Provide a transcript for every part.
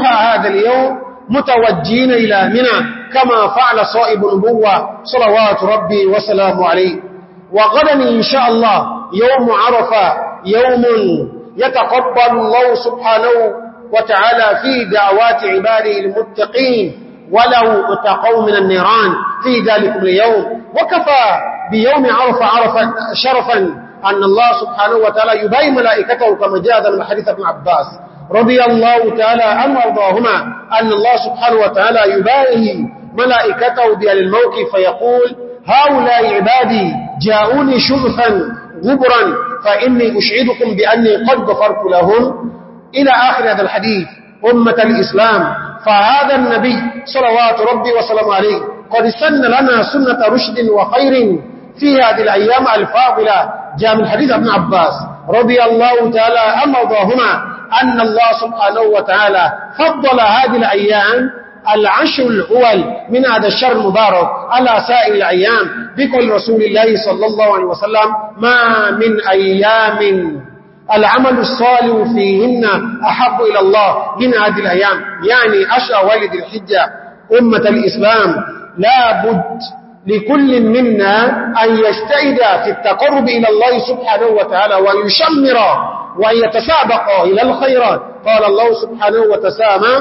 ضحى هذا اليوم متوجين إلى منى كما فعل صائب النبوة صلوات ربي وسلام عليه وغدا إن شاء الله يوم عرفة يوم يتقبل الله سبحانه وتعالى في دعوات عباده المتقين ولو اتقوا من النيران في ذلك اليوم وكفى بيوم عرف عرفا شرفا أن الله سبحانه وتعالى يبين ملائكته كما جاء ذا من حديث ابن عباس رضي الله تعالى عن وارضاهما أن الله سبحانه وتعالى يباهي ملائكته بأهل الموقف فيقول هؤلاء عبادي جاءوني شبثا غبرا فإني أشعدكم بأني قد غفرت لهم إلى آخر هذا الحديث أمة الإسلام فهذا النبي صلوات ربي وسلم عليه قد سن لنا سنة رشد وخير في هذه الأيام الفاضلة جاء من حديث ابن عباس رضي الله تعالى أمضاهما أن الله سبحانه وتعالى فضل هذه الأيام العشر الأول من هذا الشهر المبارك على سائر الأيام بكل رسول الله صلى الله عليه وسلم ما من أيام العمل الصالح فيهن أحب إلى الله من هذه الأيام يعني أشأ والد الحجة أمة الإسلام لا بد لكل منا أن يجتهد في التقرب إلى الله سبحانه وتعالى ويشمر وأن يتسابق إلى الخيرات قال الله سبحانه وتسامى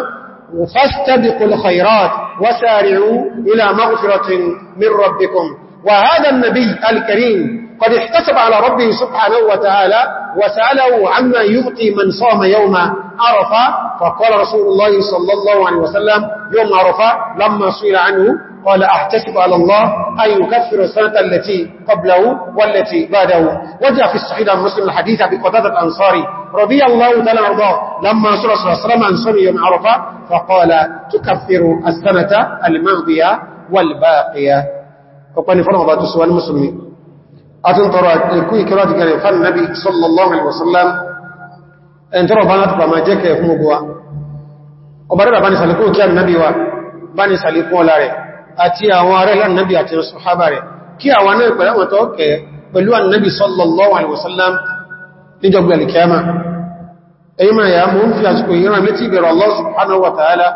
فاستبقوا الخيرات وسارعوا إلى مغفرة من ربكم وهذا النبي الكريم قد احتسب على ربه سبحانه وتعالى وسأله عما يؤتي من صام يوم عرفة فقال رسول الله صلى الله عليه وسلم يوم عرفة لما سئل عنه قال أحتسب على الله أن يكفر السنة التي قبله والتي بعده وجاء في الصحيح المسلم مسلم الحديث بقتادة الأنصاري رضي الله تعالى عنه لما صلى الله عليه وسلم عن سمي عرفة فقال تكفر السنة الماضية والباقية وقال فرض ذات سؤال المسلمين أتنطر الكوي كرات قال فالنبي صلى الله عليه وسلم ẹn tọrọ bá látọ̀pàá máa jẹ́ kẹ fún ogun wa ọba rẹ̀ bá ní àti àwọn ará ìlànà nàbí àti ṣùhábà rẹ̀ kí àwọn náà pẹ̀lú àwọn tọ́ọ̀kẹ́ pẹ̀lú ànàbí sallallahu alaihi wasallam níjọgbẹ̀ alìkẹ́mà èyí máa yà mú ń fi àsìkò ìran létí ìbẹ̀rù Allah subhanahu wa ta'ala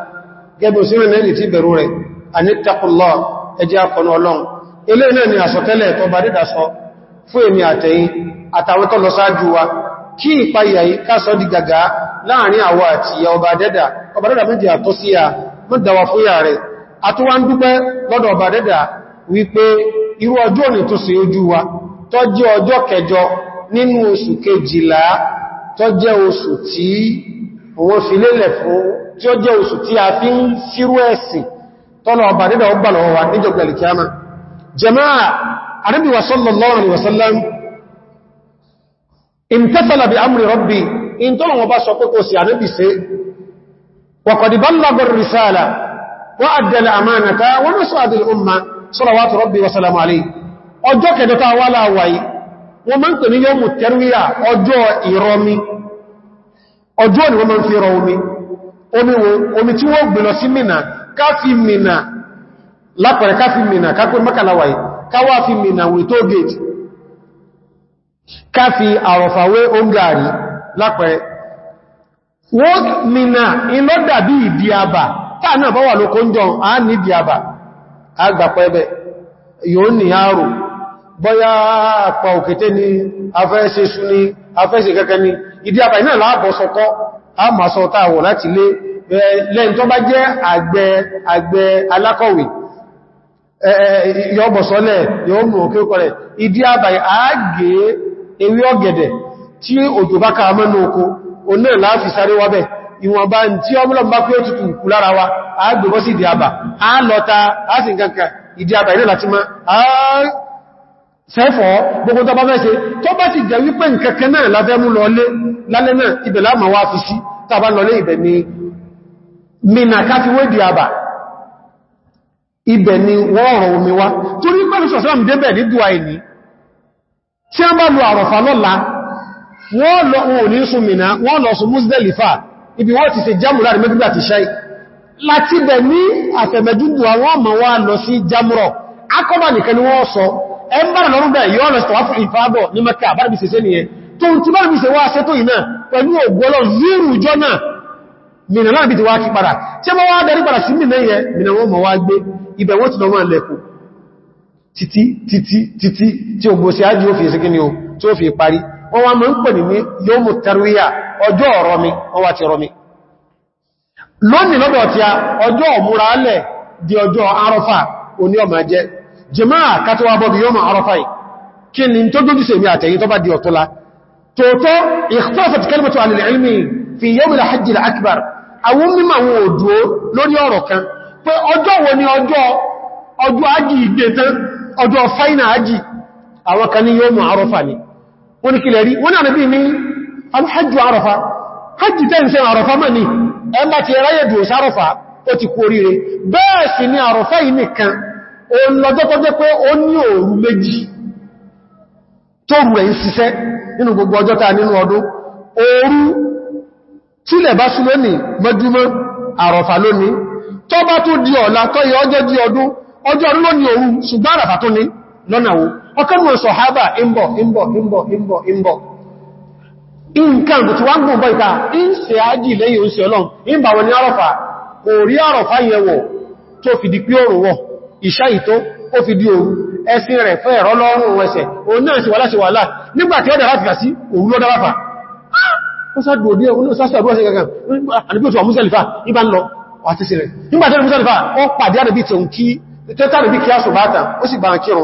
gẹ́bù sí rẹ̀ létí ìbẹ̀rù rẹ̀ ànítàkùnlọ́ ẹjẹ́ akọ̀nà ọlọ́run ilé náà ni àsọtẹ́lẹ̀ tó bá dídà sọ fún èmi àtẹ̀yìn àtàwọn tó lọ sáájú wa àtúwà ń dúpẹ́ lọ́dọ̀ ọba dẹ́dà wípé irú ọjọ́ òní tó ṣe ojú wa tó jẹ́ ọjọ́ kẹjọ nínú oṣù kejìlá tó jẹ́ oṣù tí wọ́n fi lélẹ̀ fún tí ó jẹ́ oṣù tí a fi ń fírú ẹ̀sìn tọ́lọ ọba dẹ́dà ó jama'a Ànábì wa sallallahu alaihi wasallam imtathala bi amri rabbi in tọ́lọ̀ wọn bá sọ pé kò risala وأدى الأمانة ونسعد الأمة صلوات ربي وسلام عليه ọjọ́ kẹjọta wà láwàáyí wọ́n máa ń pè ní yóò mú tẹ́rùyà ọjọ́ ìrọmi ọjọ́ ni wọ́n máa ń fi rọ omi omi tí wọ́n gbìlọ sí mìnà kafi mìnà lápẹ̀rẹ̀ káfí mina wọ́n mìnà ìdí àbà táà náà bá wà lókó ń jọun a níbi àbà agbàpẹ́bẹ̀ yóò ní àrò bọ́yá àpà òkété ni afẹ́ṣe sú ni afẹ́ṣe kẹ́kẹ́ ni ìdí àbà iná láàbọ̀ sọkọ́ a máa sọ táàwọ̀ láti lé lẹ́yìn tó bá jẹ́ àgbẹ̀ ìwọ̀nba tí ọmọlọ́m bá pé ó tutù kù wa a gbogbo sí ìdíyàbà a lọta a sì nǹkankan ìdíyàbà ilé láti ma a sẹ́fọ́ gbogbo tó bá mẹ́sẹ̀ tó bá ti jẹ́ wípé nǹkankan náà láfẹ́ mú lọlé lálẹ́ náà ibẹ̀ láàmà wá fi sí tàbá lọlé ibẹ̀ ni mina ni wọ́n ọ̀rọ̀ omi wá torí pẹ́lú sọ̀sọ́lọ́m débẹ̀ lọ àrọ̀fà lọ́la wọ́n lọ òun ní súnmìnà ibi wọ́n ti ṣe jámùrà rẹ̀ mẹ́gbà ti ṣáì láti bẹ̀ ní àfẹ̀mẹ̀dúdù àwọn ọmọ wa lọ sí jámùrọ̀ akọ́bà nìkan ni wọ́n sọ ẹmbàrà lọ́rún bẹ̀ yọ́ lọ sọ̀wá fún ìfàbọ̀ ní Mẹ́kà bárbi ṣe nìyẹn tó ti bárbi ṣe wá ṣe tó ìná pẹ̀lú ògbọ́lọ̀ zírù jọ náà mìnà náà bí ti wá kí padà tí wọ́n wá darí padà sí mìnà yẹn mìnà wọ́n mọ̀ wá gbé ibẹ̀ wọ́n ti lọ máa lẹ́kù títí títí títí tí ògbòsí ájú ó fi ṣe ni ó tó fi parí wọ́n wá mọ́ ń pè ní yóò mú tẹrwíyà ọjọ́ ọ̀rọ̀mí wọ́n wá ti rọmí lónìí lọ́dọ̀ tí a ọjọ́ ọ̀múra alẹ̀ di ọjọ́ arọ́fà oní ọmọ jẹ́ jẹmáà kátọwà bọ́bí yóò mọ̀ arọ́fà kí ni tó dójú sí èmì àtẹ̀yìn tó bá di ọ̀tọ́lá tòótọ́ ikhtasat kalimatu alil ilmi fi yawmil hajjil akbar àwọn ọjọ́ wo ni ọjọ́ ọjọ́ fáínà ajì àwọn kan ní yóò mọ̀ arọ́fà ni wọ́n ní kílẹ̀ rí wọ́n ní ànábì ní alhajju arafa hajji tẹ́ ń ṣe arafa mọ́ ní ẹmbà ti ráyè dùn sárafa ó ti kú oríire bẹ́ẹ̀ sì ni arafa yìí nìkan o lọ́jọ́ tó pé ó ní òru méjì tó rù ń ṣiṣẹ́ nínú gbogbo ọjọ́ nínú ọdún arafa lónìí tó bá tó di ọ̀la tó yẹ ọjọ́ di ọdún ọjọ́ ọdún lónìí òru ọkànwò sọ̀hábà ìmbọ̀ ìmbọ̀ ìmbọ̀ ìmbọ̀ ìmbọ̀ nǹkan nke tí wọ́n gùn bọ́ ìta ń se ájì lẹ́yìn oúnjẹ ọlọ́run ìmbà wọn ni àrọ̀fà kò rí àrọ̀fà yẹwọ̀ wọ̀ ìṣá fi di òru si ó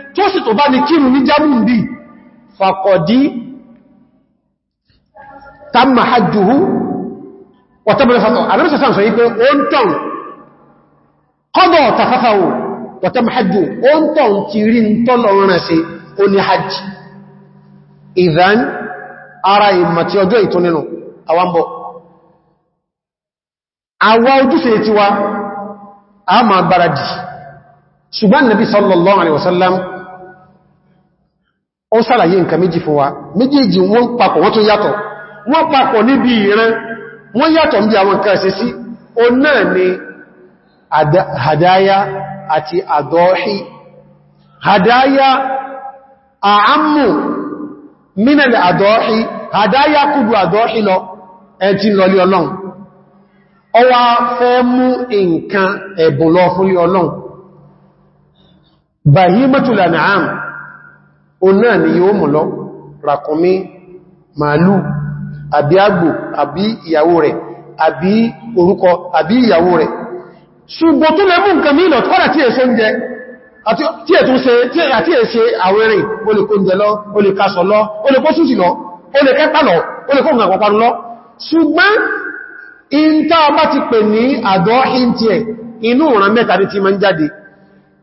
tó sì tó bá ní kírù ní jámùn bí fàkọ̀dí tamma hajjuhu wàtàbílẹ̀ fàtọ̀ alẹ́bíṣẹ́ sáà sọ yí pé ó ń tàn kọ́dọ̀ tàfáfáwò wàtàbí hajjuhu ó ń tàn ti rí ń tọ́lọ̀ rẹ̀ sí ó ní hajj ìdán ara ìmàtí ọjọ́ ìtò nínú àwambọ̀ àwa ojúṣe tiwa a máa gbáradì ṣùgbọ́n nàbí sallallahu alaihi wasallam ó sara nǹkan méjì fún wa méjèèjì wọ́n papọ̀ wọ́n tún yàtọ̀ wọ́n papọ̀ níbi ìran wọ́n yàtọ̀ níbi àwọn nǹkan ẹ̀sẹ̀ sí o náà ni hadaya àti àdọ́ọ̀hí hadaya àámù mínàlẹ̀ àdọ́ọ̀hí hadaya kúdù àdọ́ọ̀hí lọ ẹ̀tí lọlé ọlọ́run o náà ni yóò mú lọ ràkúnmí màálù àbí àgbò àbí ìyàwó rẹ̀ àbí orúkọ àbí ìyàwó rẹ̀ ṣùgbọ́n tó lè mú nǹkan mí lọ̀tọ́ àti èṣe ń jẹ àti èṣe àwẹ́rẹ̀ o lè kó ń jẹ lọ o lè kásọ lọ o lọ o lọ o lè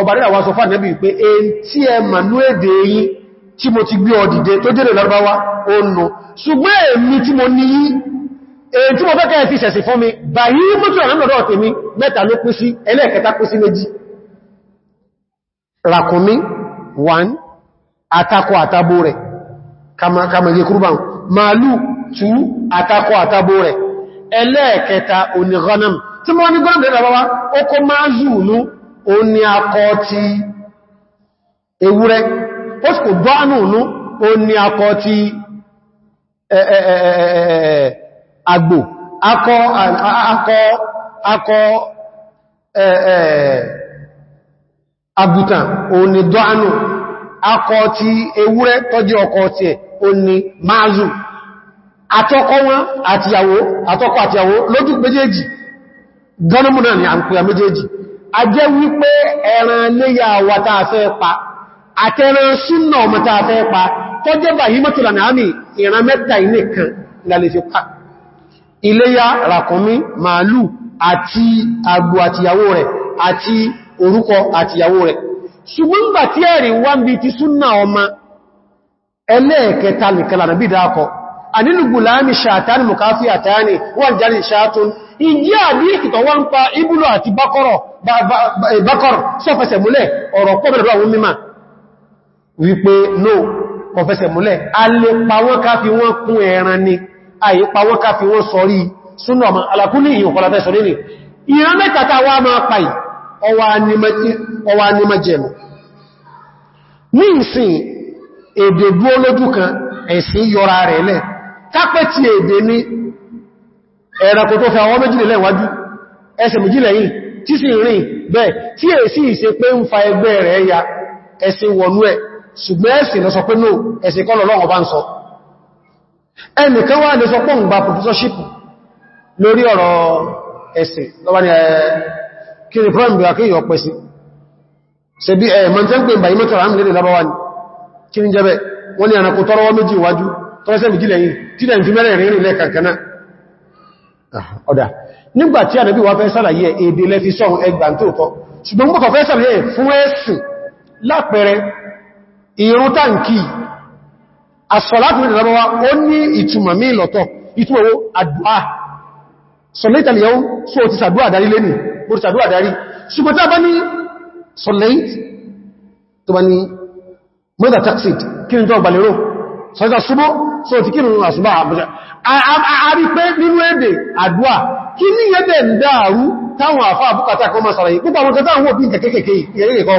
ọba wa àwọn sọfà nẹ́bí pé e tí ẹ mà ní èdè yìí tí mo ti gbé ọdìdẹ tó jẹ́rẹ̀ lọ́rọ̀báwá oòrùn ṣùgbọ́n èmi tí mo ní yìí mi bàyí mọ́tò àmọ́dọ̀ tèmi mẹ́ta ló pín sí ẹlẹ́ẹ̀kẹta pín sí méjì ràkúnmí 1 àtakọ àtabo rẹ̀ kàmàyẹ kúrúbàn màálù 2 àtakọ àtabo rẹ̀ ẹlẹ́ẹ̀kẹta onígọ́nàm tí ó ní akọ ti ewúrẹ́ ó sì kò dọ́nù ònú ó ní akọ ti àgbò akọ akọ akọ àgùtàn ó ní dọ́nù akọ ti ewúrẹ́ tọ́jú ọkọ ti ẹ̀ ó ní máàzù àtọkọ wọn àtìyàwó àtọkọ àtìyàwó lójú méjèèjì gọ́nàmù náà ni à ń pè méjèèjì a jẹ́ wípé ẹran léyà wà tàà pa àtẹran súnà ọmọ tàà fẹ́ pa tó jẹ́ bàyí mọ́tùlà náàmì ìran mẹ́ta fi pa iléyà ràkúnmí màálù àti àgbò àtìyàwó rẹ̀ àti orúkọ àtìyàwó rẹ̀ ṣùgbọ́n tí ń bi ti súnà ọmọ ẹlẹ́ẹ̀kẹta bí láàmì wọ́n jẹ́ ìṣàtún àdíyẹ̀kìtọ̀ wọ́n ń Eh, Bakar sọ́fẹsẹ̀ múlẹ̀ ọ̀rọ̀ pọ̀bẹ̀rẹ̀ àwọn mímá wípé no kọfẹsẹ̀ múlẹ̀ a lè pa wọ́n ká fi wọ́n kún ẹran ni a yí pa wọ́n ká fi wọ́n sọrí súnà ọmọ alákúnlé ìyọ̀kọ̀látẹ́ sọ nílé ìran mẹ́tàtà wá máa pàì ọwà nímọ̀jẹ̀mù ní ìsìn èdè dúó lójú kan ẹ̀sìn yọra rẹ̀ lẹ̀ kápẹ́ ti èdè ní ẹ̀rẹ̀kò tó fẹ́ àwọn méjìlẹ̀ wájú ẹsẹ̀ méjìlẹ̀ yìí tí sì rìn bẹ́ẹ̀ tí è sí ìṣe pé ń fa ẹgbẹ́ rẹ̀ ya ẹ̀sìn wọ̀nú ẹ̀ ṣùgbọ́n ẹ̀sìn lọ sọ pé no ẹ̀sìn kọ́ lọ́wọ́ bá ń sọ ẹnìkan wá lè sọ pọ́ ń gba professorship lórí ọ̀rọ̀ ẹ̀sìn lọ́wọ́ ni kí ni problem bí akíyàn pẹ̀ sí ṣe bí ẹ̀mọ́ tẹ́ ń pè bàyí mẹ́tọ̀rọ̀ àmì ni ni jẹ́bẹ̀ wọ́n Ah, ọ̀dá nígbàtí ànàbí wà fẹ́ sàlàyé èdè lẹ́fi sọ́hun ẹgbà tó tọ́ ṣùgbọ́n mọ́kọ̀ fẹ́ sàlàyé fún ẹ̀sìn lápẹẹrẹ ìrún táǹkì asọ̀látì ní ìdàlọ́wà ó ní ìtumọ̀ mí lọ́tọ̀ ìtumọ̀ owó àdúà sọ̀lẹ́tì al-yawm sọ ti ṣàdúà darí lẹ́ni bó ti ṣàdúà darí ṣùgbọ́n tá bá ní sọ̀lẹ́tì tó bá ní mọ́dà taxid kí ni tó gbàlérò sọ́jọ́ ṣubú so ti kírùn àṣùbá àbújá àrí pé nínú èdè àdúà kí ní èdè ń dáàrú táwọn àfá àbúkàtà kan máa sàràyí púpọ̀ àwọn tẹ́tàwọ̀ bí nǹkan kéèkéèké ìrìnrìn kan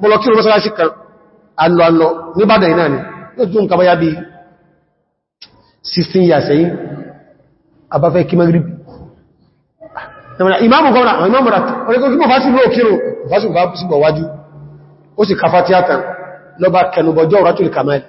mọ́lọ kírùn mọ́sálásí kan alọ́alọ́ ní bádà iná ni ó tún kaba ya bí 16 years ẹ̀yìn abáfẹ́ kí magrib ìmáàmù gọ́nà ìmáàmù rà ọ̀rẹ́kọ́ kí mọ̀ fásitì lóò kírùn fásitì bá sígbọ̀ wájú ó sì kafa tíátà lọ bá kẹnubọjọ́ rátùlì kàmáìlì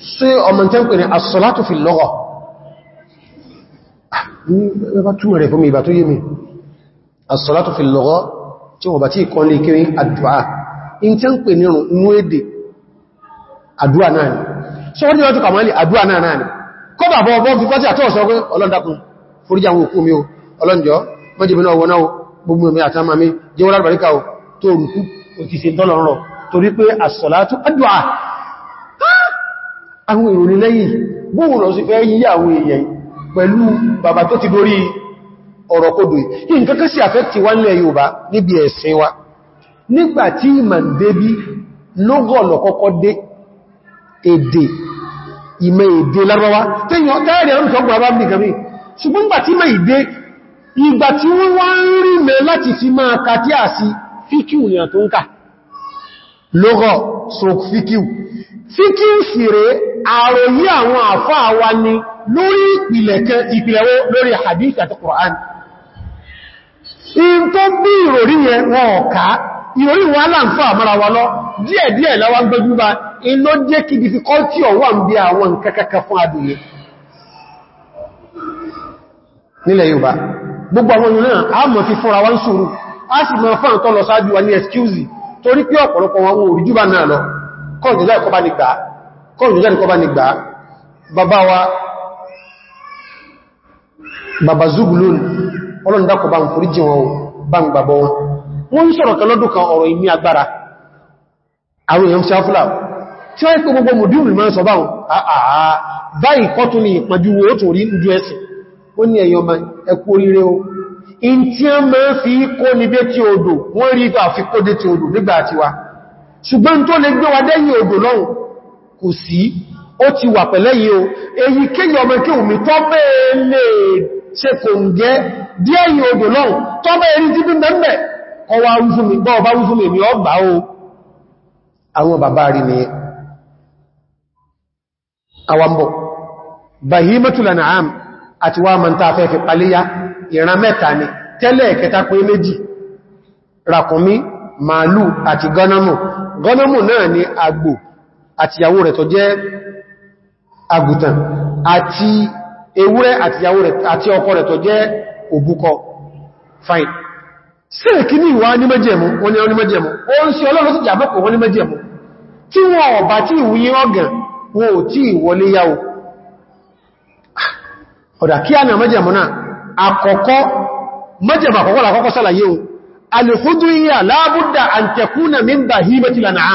sí ọmọ tẹ́ ń pè ní as-salatu fil lugha ah, ẹbá túnmọ̀ rẹ̀ fún mi ìbá tó yé mi as-salatu fil lugha tí wọ́n bá tí ìkan lè kiri àdúà in tẹ́ ń pè ní inú èdè àdúà náà ni so wọ́n ni wọ́n ti kàmọ́ ilẹ̀ àdúà náà náà ni tó rùkú pé as-salatu àwọn ìròyìn lẹ́yìn bóò lọ sí fẹ́ yí àwọn èèyàn pẹ̀lú bàbá tó ti dórí ọ̀rọ̀ kodò yìí nǹkankan sí àfẹ́kì wá nílẹ̀ níbi ẹ̀sìn wa nígbàtí ìmàndébí lọ́gọ̀lọ̀ kọ́kọ́ dé èdè ìmẹ̀ èdè Lárúbáwá fíkíù ni sọ fíkíù fíkíù àròyí àwọn àfáà wa ni lórí ìpìlẹ̀kẹ́ ìpìlẹ̀wó lórí hadith àti Qur'an in tó bí ìròrí yẹn wọn ọ̀ká ìròrí wọn aláǹfà mara wa lọ díẹ̀díẹ̀ láwá ń gbójú bá in ló jẹ́ kí difficulty ọwà ń bí àwọn kẹ́kẹ́kẹ́ fún adìyẹ nílẹ̀ Yorùbá gbogbo àwọn yìí náà a a sì mọ̀ fún àtọ́ lọ wa ní excuse torí pé ọ̀pọ̀lọpọ̀ wọn orí jùbá náà lọ kọ́ ìjọba ẹ̀kọ́ bá ní gbàá kọ́lù jẹ́ nìkọ́ bá ní gbà bàbá wa bàbá zúgùlùn ọlọ́ndàkọ̀ bá ń forí jí wọn bá ń gbàbọ́ wọn wọ́n ń sọ̀rọ̀ kẹlọ́dún kan ọ̀rọ̀ ìní agbára àwọn èèyàn sáfúlà tí wọ́n pẹ́ gbogbo mùdíùn ìmọ̀ sọ báwọn àà báyìí kọ́ tún ní ìpàjú wo tó rí ojú ẹsẹ̀ ó ní ẹ̀yọ́ ma ẹkú oríire o in tí a máa fi kó níbé tí odò wọ́n rí ìgbà fi kó dé tí wa dẹ́yìn odò lọ́hùn kò sí ó ti wà pẹ̀lẹ́ yìí o èyí kéyìn ọmọ kí omi tọ́ bẹ́ẹ̀ lè ṣe kò ń gẹ́ díẹ̀ yìí odò náà tọ́ bẹ́ẹ̀ rí jíbí mẹ́mẹ́ ọwá wúfúnmi gbọ́ ọba wúfúnmi mi ọgbà o àwọn bàbá rí ni àwambọ̀ bahimatul an'am àti wá mọ́ ta fẹ́ fi àtìyàwó rẹ̀ tó jẹ́ àgùtàn àti ewúrẹ́ àtìyàwó rẹ̀ àti ọkọ rẹ̀ tó jẹ́ òbúkọ fine sílẹ̀ kí ní ìwà ní mẹ́jẹ̀mú wọ́n ní ọdún mẹ́jẹ̀mú ó ń sí ọlọ́run sí ìjàbọ́pọ̀ wọ́n ní wọ́n ọ̀bá mẹ́jẹ̀mú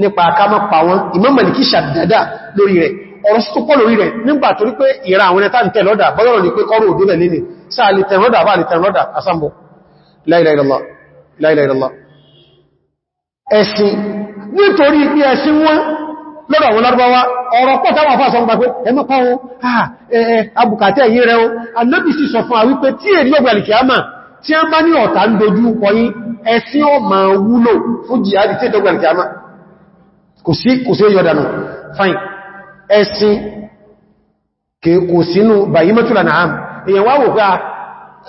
nípa àkámọ́ pa wọn Imam Maliki ṣàdádá lórí rẹ̀ ọ̀rọ̀ sí tó pọ̀ lórí rẹ̀ nígbà torí pé ìra àwọn ẹta ń tẹ̀lọ́dà bọ́lọ̀rọ̀ ní pé kọrù òdó lẹ̀ nínú sáà lè tẹ̀lọ́dà bá lè tẹ̀lọ́dà asambo la ilaha la ilaha illallah ẹ̀sìn nítorí pé ẹ̀sìn wọn lọ́dọ̀ àwọn lárúbáwá ọ̀rọ̀ pọ̀ táwọn afá sọ ń gbà pé ẹmọ́ pa wọn abùkàtẹ́ yìí rẹ̀ wọn anábìsì sọ fún àwí pé tí èdè lọ́gbà alìkìyàmà tí a bá ní ọ̀tá ń dojú pọ̀yí ẹ̀sìn ọ máa wúlò fún kò sí kò fine ẹ̀sìn kò sínú bàyí mẹ́tùlà náà èyàn wá wò pé a ah,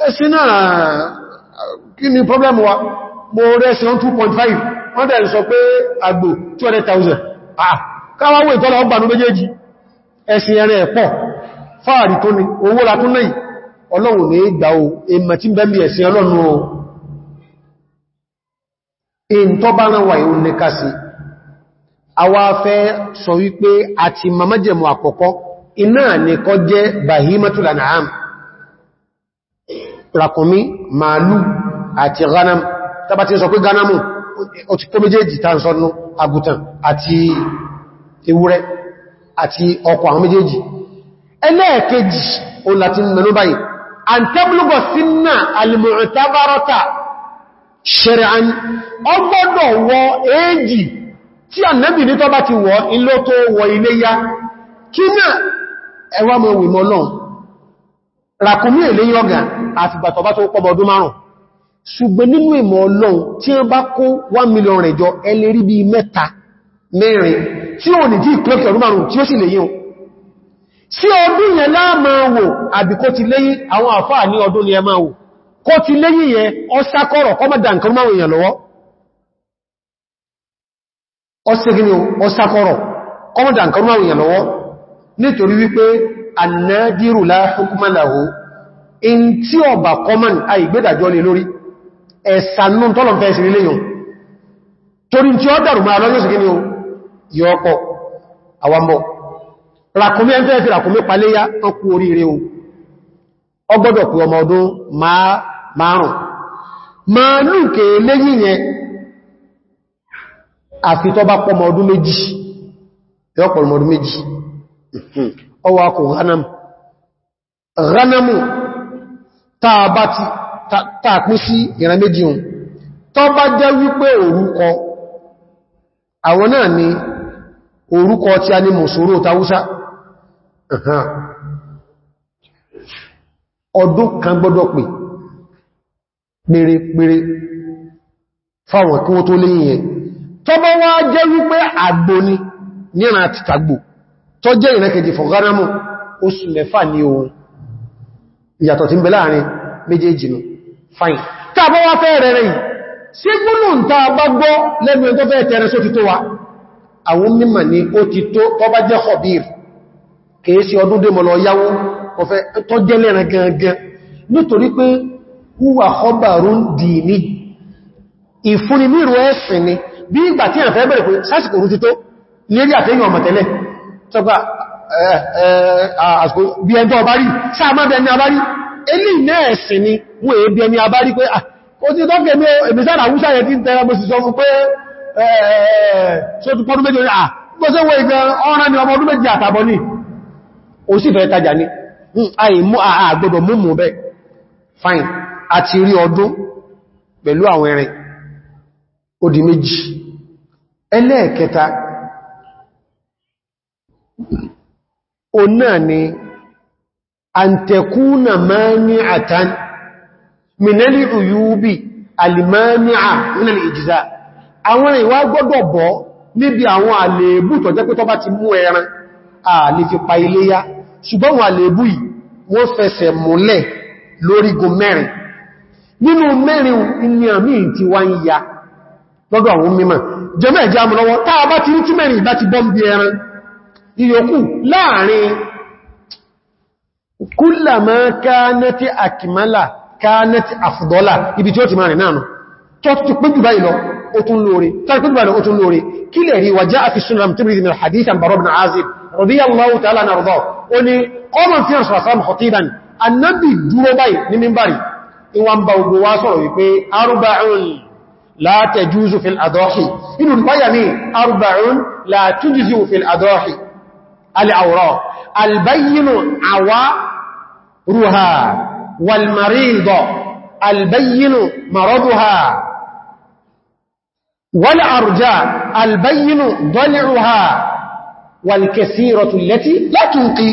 ẹ̀sìn náà kí ni problem wa mo rẹ̀ 2.5 wọ́n dẹ̀ sọ pé 200,000 ah ka ìtọ́lọ ọgbà ní méjèèjì ẹ̀sìn ẹ̀rẹ̀ ẹ̀pọ̀ fáàrí tó ni o àwa fẹ́ sọ wípé àti mamajẹ̀mù àkọ́kọ́ iná nìkọ́ jẹ́ bahimatul an'am ràkùnmí màálù àti ghanam tàbá ti sọ pé ghanamu o ti kó méjèèjì tàn sọ́nà àgùtàn àti ewúrẹ́ àti ọkọ àwọn méjèèjì ẹlẹ́ẹ̀kejì o láti mẹ́nu báyìí an tablugo sinna ọgbọ́dọ̀ wọ èjì tí ànẹ́bì ní tọ́bá ti wọ́ ilé tó wọ ilé yá kí náà ẹwà mọ̀ wìmọ̀ náà ràkúnmí èlé yọ́gà àti bàtọ̀bá tó pọ̀ ọdún márùn ṣùgbọ́n nínú ìmọ̀ ọlọ́run tí wọ́n bá kó 1 million rẹ̀ jọ ẹlẹ́rí bí mẹ́ta mẹ́rin tí ó nì tí ìpínlẹ̀ ọdún márùn ni ẹ máa wò kó ti lẹ́yìn yẹn ọ ọ́sẹ̀gìnì ọ́sàkọ́rọ̀ kọmọ̀dà nǹkan máa wùyàn lọ́wọ́ nítorí wípé annadiru la hukma lahu in tí ọba kọmọ̀n àìgbẹ́dàjọ́ lè lórí ẹ̀sànú tọ́lọ̀fẹ́ sí ilé yùn àfi tó bá pọmọ ọdún méjì yọ́ pọmọ ọdún méjì ọwọ́ akọ̀ ghanam ghanamu tààpín sí ìran méjì ohun tó bá jẹ́ wípé orúkọ àwọn náà ni orúkọ tí a ní mùsùrù tàúsá ọdún kan gbọ́dọ̀ pè pèrèpèrè fáwọn kí wọ́n tó léyìn yẹn tọ́bọ́ wá jẹ́ wípé àgbò ni níran àti tàgbò tọ́ jẹ́ ìrẹ́kẹ̀dì fọ̀gárámù oṣù mẹ́fà ní ohun ìyàtọ̀ tí ń bẹ láàrin méjèèjì nù fine tàbọ́ wá fẹ́ rẹ̀ rẹ̀ sí gbónù ń ta bá gbọ́ lẹ́nu ẹgbọ́ fẹ́ tẹ́rẹ só ti wa àwọn mímọ̀ ni ó ti tó tọ́ bá jẹ́ hobir kìí sí ọdún dé mọ̀lọ yáwó ọfẹ́ tọ́ jẹ́ lẹ́ran gangan nítorí pé húwà hobarun dìní ìfúnni nírò ẹ̀sìn ni bí ìgbà tí àfẹ́ bẹ̀rẹ̀ pé sásìkò orú ti tó lérí àtẹ́yìn ọmọ tẹ́lẹ̀ tọgbà bí ẹjọ́ ọbárí sáàmọ́ bí ẹni abárí elí nẹ́ẹ̀sì ni wọ́n èé bí ẹni abárí pé ó ti tọ́kẹ́ mẹ́ sára wúsá ni ọmọ ọdún méjì àtàbọ̀ ní ó sì fẹ́ tajà ní àìmú hmm, àgbọ́dọ̀ mú mú fine àti rí ọdún pẹ̀lú àwọn ẹ̀rìn ó di méjì ẹlẹ́ẹ̀kẹta o náà ni àǹtẹ̀kúnà máa ní àtàn mìnẹ́lì òyúbì alìmáníà nílẹ̀ ìjìzá àwọn ìwà gbọ́dọ̀ bọ́ níbi àwọn àlèébù tó jẹ́ pé tó bá ti mú ẹran à lè fi pa iléyá ṣùgbọ́n wọn àlèébù yìí wọ́n fẹsẹ̀ múlẹ̀ lórígun mẹ́rin nínú mẹ́rin ní ti wá ń ya lọ́dọ̀ àwọn mímọ̀ jẹmẹ́ ìjá mọ̀ lọ́wọ́ tàà bá ti ń tí mẹ́rin ìbá ti bọ́m bí ẹran ìyókù láàrin kúlàmá kánẹ́tì àkìmálà kánẹ́tì àfùdọ́là ibi tí ó ti máa rìn náà tó ti péjú báyìí lọ ó tún lóore kí lè rí wàjá àfi sunnah tíbìrì min hadith an barobin azib radiyallahu ta'ala na rọ̀dọ̀ ó ní ọmọ fi ránṣọ́ la tajuzu fil adọ́hì inú ìpáyà ní arba'un la tujzu fil adọ́hì al'aurọ̀ albayyinu awa ruha walmarido albayyinu maraduha wal'arja albayyinu dọ́lìruha walkesiratu lati latunki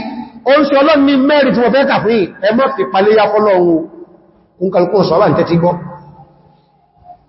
on se ọlọ́ni mẹ́rin tí wọ́n fẹ́ kàfin ẹmọ́ fi paléyà fọ́lọ́wọ́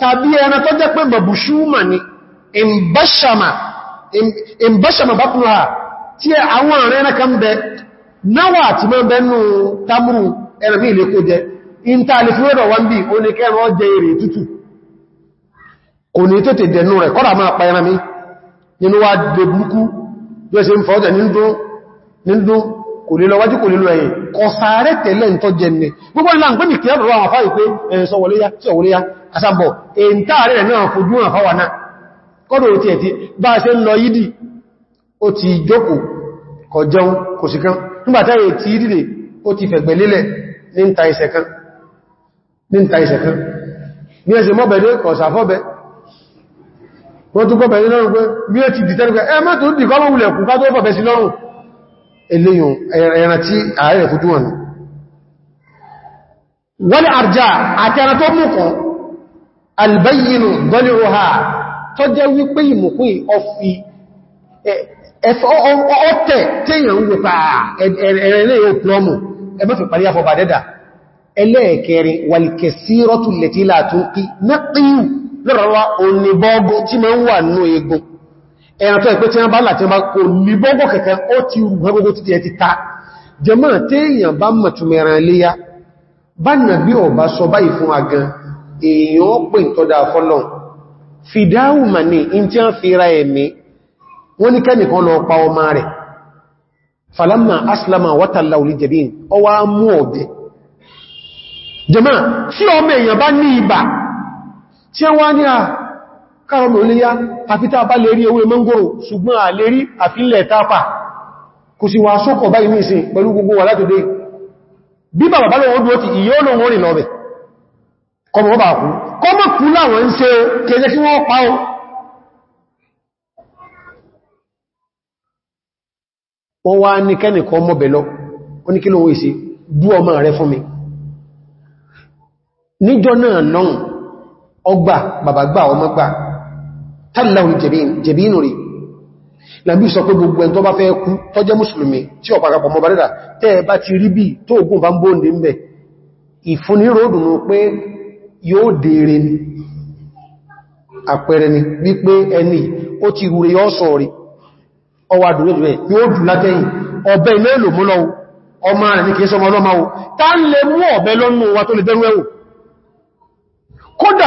tàbí ẹran tó jẹ́ pé bàbùṣúmà ni ìmbáṣàmà bákúrà tí àwọn ẹran kan bẹ náwà tí mọ́ bẹnu tamuru ẹran ilé kó jẹ ìntà àlefúrẹ́dọ̀ wọ́n bí o ní kẹrọ jẹ èrè tútù kò ní rẹ̀ kò lè lọ wájú kò lè lọ ẹ̀yìn kọ sàárẹ̀ tẹ̀lẹ̀ ń tọ́ jẹni gbogbo ìlànà pé nìkẹ́ ọ̀rọ̀ àwọn afáyì pé ẹ̀sọ wọlé yá tí ọ̀wọlé yá asàbọ̀ èyí táàrẹ̀ rẹ̀ náà fojú hàn fáwà náà kọ́dọ̀ ti ẹ̀tí bá ṣe ń lọ yídì ó ti jókòó kò jẹun kò sì kan nígbàtá èyí ti dìde ó ti fẹ̀gbẹ̀ lélẹ̀ ní ń ta eléyìn ẹran tí ààrẹ fojú wọn ni wọ́n àrjá àti ẹran tó mú kan albayyinu gọ́lẹ̀ ọha tó jẹ́ wípé ìmùkún ọfí ọ̀tẹ̀ tẹ́yàn ń wípa ẹ̀rẹ̀ ilé yóò plọ́mù ẹmọ́fẹ́ parí afọ bàdẹ́dà ẹlẹ́ẹ̀kẹrin wàlìkẹsí rọ́tùlẹ̀tí látún kí mẹ́pín lọ́rọ̀lọ́ ẹ̀ràn tó ẹ̀pẹ́ tí a bá láti ọba kò ní bọ́gbọ́ kẹ̀kẹ́ ó ti rùgbọ́n gbogbo títí ẹ ti ta jẹmọ́ téèyàn bá mọ̀túnmẹ̀ràn iléyá bá nàbí ọba sọ báyìí fún agan èèyàn pè tọ́dá fọ́lọ́n afọ náà in tí fi ra ẹ̀mí wọ́n ní kẹ́nìkan kárọ̀nà oléyá àfi tá bá lè rí ewé mọ́ngòrò ṣùgbọ́n à lè rí àfilẹ̀ tápà kò sì wà sókọ̀ bá inú ìsìn pẹ̀lú gbogbo wà látòdé bí bàbá bá lọ́wọ́ dúró ti ìyẹ́ olóhun orin lọ́bẹ̀ kọmọ bá kú kọmọ kú láwọn ń mi níjọ náà náà ọgbà bàbá gbà ọmọ gbà tàbíláhùn jẹ̀bínú rí nàbí sọ pé gbogbo ẹn tó bá fẹ́ kú tó jẹ́ tí ọ̀pàpàpọ̀ mọ̀ bàrẹ́dà tẹ́ bá ti rí bí tó ogun bá ń bóòndé ń bẹ̀ ìfúnníródùnú pé yóò dèrè ni ni eni ti yóò dù ọmọ rẹ̀ ní sọmọ ọlọ́mà o tá ń lè mú ọ̀bẹ lọ́nà wa tó lè bẹ́rú ẹ̀wò kódà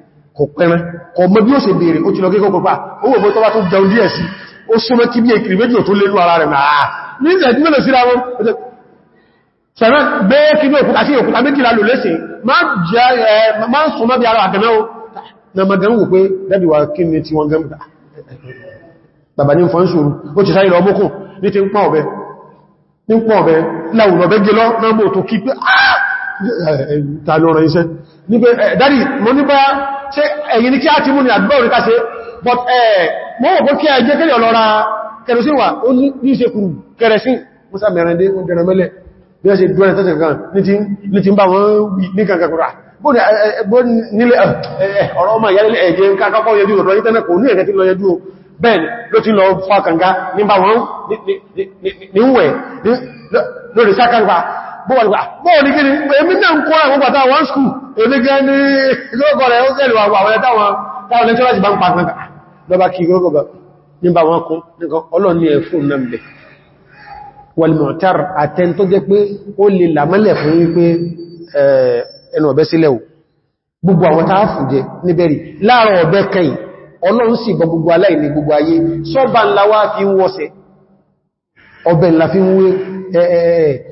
kò pẹran kò mọ́ bí ó ṣe bèèrè ó ti lọ kí kòkò pà owó bó tọ́wà tó jẹun díẹ̀ sí ó súnmọ́ kí bí èkìrì méjì ò tó lé lúwara rẹ̀ náà ní ìsẹ̀ tí mẹ́lẹ̀ síra wọn sẹ̀rẹ̀ bẹ́ẹ̀ kí ní òkúta sí òkúta méjìlá lò lẹ́sìn máa ń na magarin wò pé dẹ́bì wà kí ṣe ẹ̀yìn kí a ti mú ní àdúgbà orí káṣe but mọ́wọ̀kọ́ kí a jẹ́ kẹ́lẹ̀ ọlọ́ra kẹrẹsìn wà ó ní ṣe kùrù kẹrẹsìn musa mẹ́rẹ̀ndé wọ́n jẹ́rẹ̀ mẹ́lẹ̀ bí ó ṣe dúrẹ̀ tẹ́tẹ̀ kan ní ti ń bá wọn wí ní kankan kúrà nílé ọ̀rọ̀ ọmọ ìyálẹ̀ ẹ̀jẹ́ ń kákọ́kọ́ yẹjú ọ̀rọ̀ ìtẹ́nà kò ní ẹ̀kẹ́ tí lọ yẹjú bẹ́ẹ̀ ló ti lọ fà kànga ní bá wọn ní bọ́ọ̀lù gíní èmi náà ń kọ́ àwọn pàtà one school èmi gẹ́ ní ìgbẹ́gbẹ́ rẹ̀ ó sẹ́lù àwọn àwọn ẹ̀táwọn táwọn lẹ́tọ́lájì bá ń pa gbẹ́gbẹ́ lọ́bá kí gbẹ́gbẹ́ nígbà wọn kún nìkan ọlọ́ni ẹ̀fún náà bẹ̀ wọlmọ̀tar àtẹn tó jẹ́ pé ó lè làmọ́lẹ̀ fún wípé ẹnu ọ̀bẹ́ sílẹ̀ ò gbogbo ọlọ́run sì bọ gbogbo aláìní gbogbo ayé sọ́bà ńlá wá fi ń wọ́sẹ̀ ọ̀bẹ̀ ńlá fi ń wé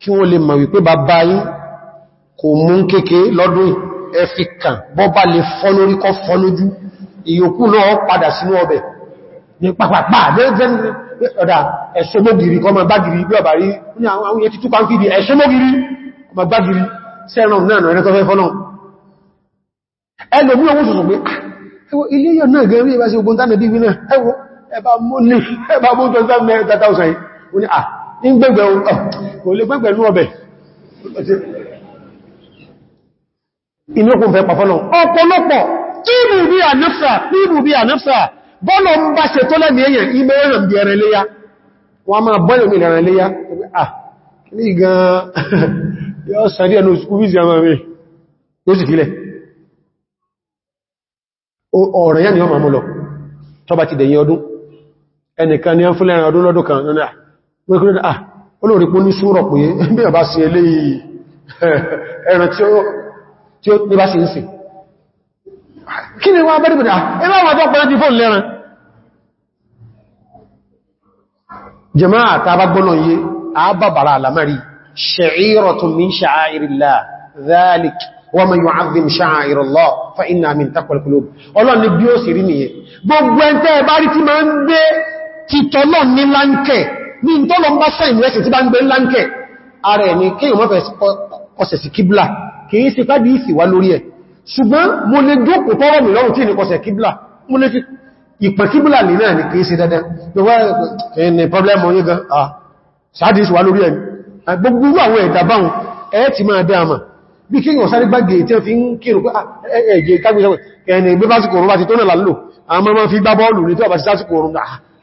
kí wọ́n lè mọ̀ wípé bàbá yín kò mú kéèké lọ́dún ẹfi kàn bọ́bá lè fọ́ lórí kọ́ fọ́ lójú ìyókù náà padà sínú ọbẹ̀ ní pàpàpà lẹ́gbẹ̀ẹ́dà ẹ̀ṣọ́mógiri kọmọ gbágiri bí ọ̀bà rí ní àwọn yẹ títú pàń fìdí ẹ̀ṣọ́mógiri kọmọ gbágiri sẹ́ràn náà rẹ̀ tọ́fẹ́ fọ́nà ẹlòmí owó sọ̀sọ̀ pé ah, ẹwọ ilé yọ náà gẹ̀rẹ́ bí ní gbẹ̀gbẹ̀ ah, kò lè gbẹ̀gbẹ̀ ní ọbẹ̀ inúkùn fẹ́ pàfọ́nà ọ̀pọ̀lọpọ̀ kíbù bí ànáfà kíbù bí ànáfà bọ́lọ̀ ń bá ṣe tó lẹ́bí èyàn ibẹ̀ ẹ̀rẹ̀ bí ẹ̀rẹ̀ léyá wọ́n máa bọ́lọ̀ mi lẹ̀rẹ̀ léyá ah ní gan yọ́ sàrí ẹnu skúbízi àmà rẹ̀ ló sì fílẹ̀ ọ̀rẹ̀ yẹn ni wọ́n máa mú lọ tọ́bà ti mẹ́kúnlẹ̀ ah olóòrí pún ní ṣúrọ̀ pé bí ọba sí ilé ẹran tí ó ní bá sí ń sì kí ni wọ́n bẹ́rẹ̀ bẹ̀rẹ̀ ah, ẹgbẹ́ wọn tó pẹ̀lẹ̀ ti fún lẹ́ran jẹmọ́ àtàbà gbọ́nà yé àbàbàrà alamari sha'iratun min sha'airillah dhalik wa man yu'azzim sha'airallah fa inna min taqwal qulub ọlọ́run ni bí ó sì rí nìyẹn gbogbo ẹntẹ́ bá tí máa ń gbé títọ́lọ́ ní láńkẹ̀ẹ́ ní tọ́lọ bá sáìmù ẹ̀sìn tí bá ń gbé láńkẹ̀ ààrẹ ní kí yíò mọ́fẹ́ kọsẹ̀ sí kíblà kì í sí pàdé ìsì wá lórí ẹ̀ ṣùgbọ́n mo lè jókò tọ́rọ mi lọ́rùn tí ní kọsẹ̀ kíblà mo lè fi ìpẹ̀ kíblà lè náà ní kì í sí dandan ní problem oní gan ṣáàdì ìsì wá lórí ẹ̀ gbogbo àwọn ẹ̀dà báhùn ẹ̀ ti máa dá àmà bí kí yíò sáré gbágbé tí ó fi ń kírò pé ẹ̀ẹ̀gẹ̀ kágbé sọ́wọ́ ẹ̀ẹ̀ni ìgbébásíkò òun bá ti tó náà lálò àmọ́ máa fi gbá bọ́ọ̀lù ní tí ọba ti sásíkò òun dáa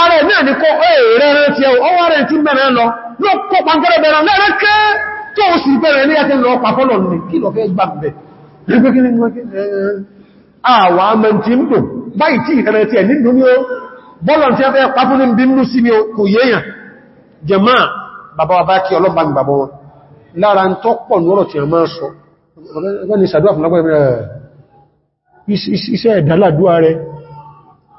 ààrẹ náà ní kó ẹ̀rẹ́ rẹ̀ tí ẹwọ́ ọwọ́ rẹ̀ tí mẹ́rẹ̀ lọ ló kó pàǹkẹ́rẹ̀ bẹ̀rẹ̀ lẹ́rẹ́ kẹ́ tó sì bẹ̀rẹ̀ ní ẹ̀tẹ́ lọ pàfọ́lọ̀ ní kí lọ fẹ́ gbàgbẹ̀ àwọn amẹ́ntí ń tò báyìí tí ìrẹ̀ tí ẹ̀ nínú ní ó bọ́lọ̀ tí a fẹ́ pàfún ní bínú sí ni kò yéèyàn jẹ̀má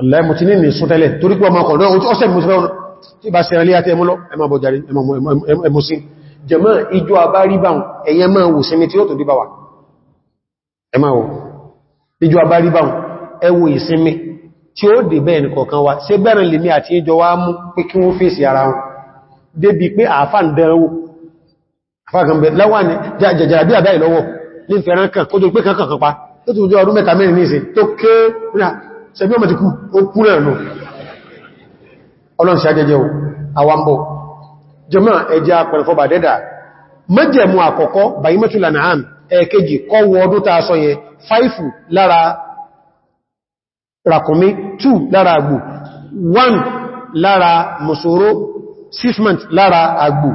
aláìmọ̀ tí ni ní sún tẹ́lẹ̀ torí pé ọmọ ọ̀dọ́ ojú ọ́sẹ̀ mú sọ́rọ̀ tí bá sẹ́rẹ̀ lé àti ẹmúlọ ẹmọ bọ̀járí ẹmọ sí jẹmọ́ ìjọ àbáríbáun ẹ̀yẹ máa wò sí ní tí ó tó díbà wà ẹmọ́ ìjọ àbáríbáun ẹwò ìsinmi tí ó dé bẹ́ẹ̀ nìkọ̀ọ̀kan wa ṣe gbẹ́rin lèmi àti ìjọ wa mú pé kí wọ́n fèsì ara wọn débi pé àáfà ń dẹ̀rẹ̀wò àfàgànbẹ̀ láwọn jàjàjàrà bí àbá ìlọ́wọ̀ ní ìfẹ́ràn kan kó tó pé kankan kan pa tó tó jọ ọdún mẹ́ta mẹ́rin ní ìsìn tó ké sẹ́bí ọmọ ti kú ó kú náà nù ọlọ́nṣẹ́ ajẹ́jẹ́ o àwambọ̀ jọmọ́ ẹjẹ́ apẹ̀lẹ̀fọ́bà dẹ́dà mẹ́jẹ̀mú àkọ́kọ́ bàyí mẹ́tùlà náà ẹ̀kejì kọwọ ọdún tàà sọ yẹn 5 lára ràkùnmí 2 lára àgbò 1 lára mùsòrò 6 months lára àgbò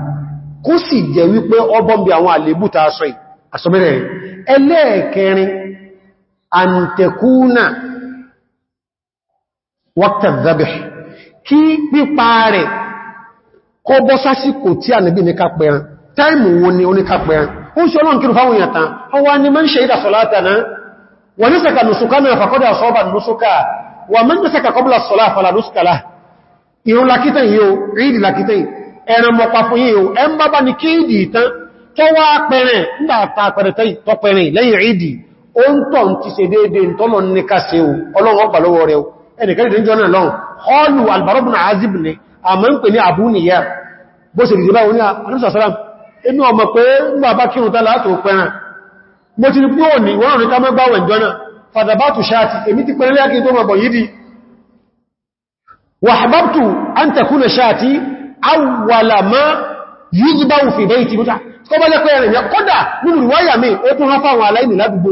kó sì jẹ́ wípé ọbọ́n bí àwọn àlébù tàà sọ yìí àsọmẹ́rẹ̀ ẹlẹ́ẹ̀kẹrin àǹtẹ̀kúnà wọ́ktẹ̀dẹ̀bẹ̀ kí pípa rẹ̀ kọ bọ́ sásìkò tí a nìbí níkàpẹ̀rẹ̀ táìmù wo ni oníkàpẹ̀rẹ̀ ó ń ṣe ọlọ́n kí rúfáwọn èèyàn tán ọwá ni mọ́ ń ṣe ìdà sọ́látà náà wà ní sẹ́kà nùsùká náà fàkọ́dà sọ́bà nùsùká wà mọ́ ní sẹ́kà kọ́bùlà sọ́lá fàlà nùsùkàlá ìrún lakítẹ̀ yóò ríìdì wá pẹ̀rẹ̀ ńgbà ta pẹ̀rẹ̀ lẹ́yìn ìdì ó ń tọ́ ti ṣe déédéé tọ́lọ ní ọlọ́run ọgbà rẹ̀ ẹnìkan ìdíjọ́ náà lọ́wọ́ ọlù albarobin azib ni a mọ́ ń pè ní abu niyar bó ṣe dìde báwọn ní àrísàsára inú ọmọ pé nígbà bá kírun tàà látò pẹran mo ti pí òní wọ́n rí ká mẹ́gbàwẹ̀ jọ náà fàdàbátù ṣáàtì èmi ti pẹ̀lẹ́ lákí tó mọ̀bọ̀ yìí di wàhábàbtù an takuna ṣáàtì awwalama yuzbahu fi bayti mọ́ta tó bá ẹ̀rẹ̀ kọ́dà nínú ríwáyà mi ó tún ráfà àwọn aláìní ládùgbò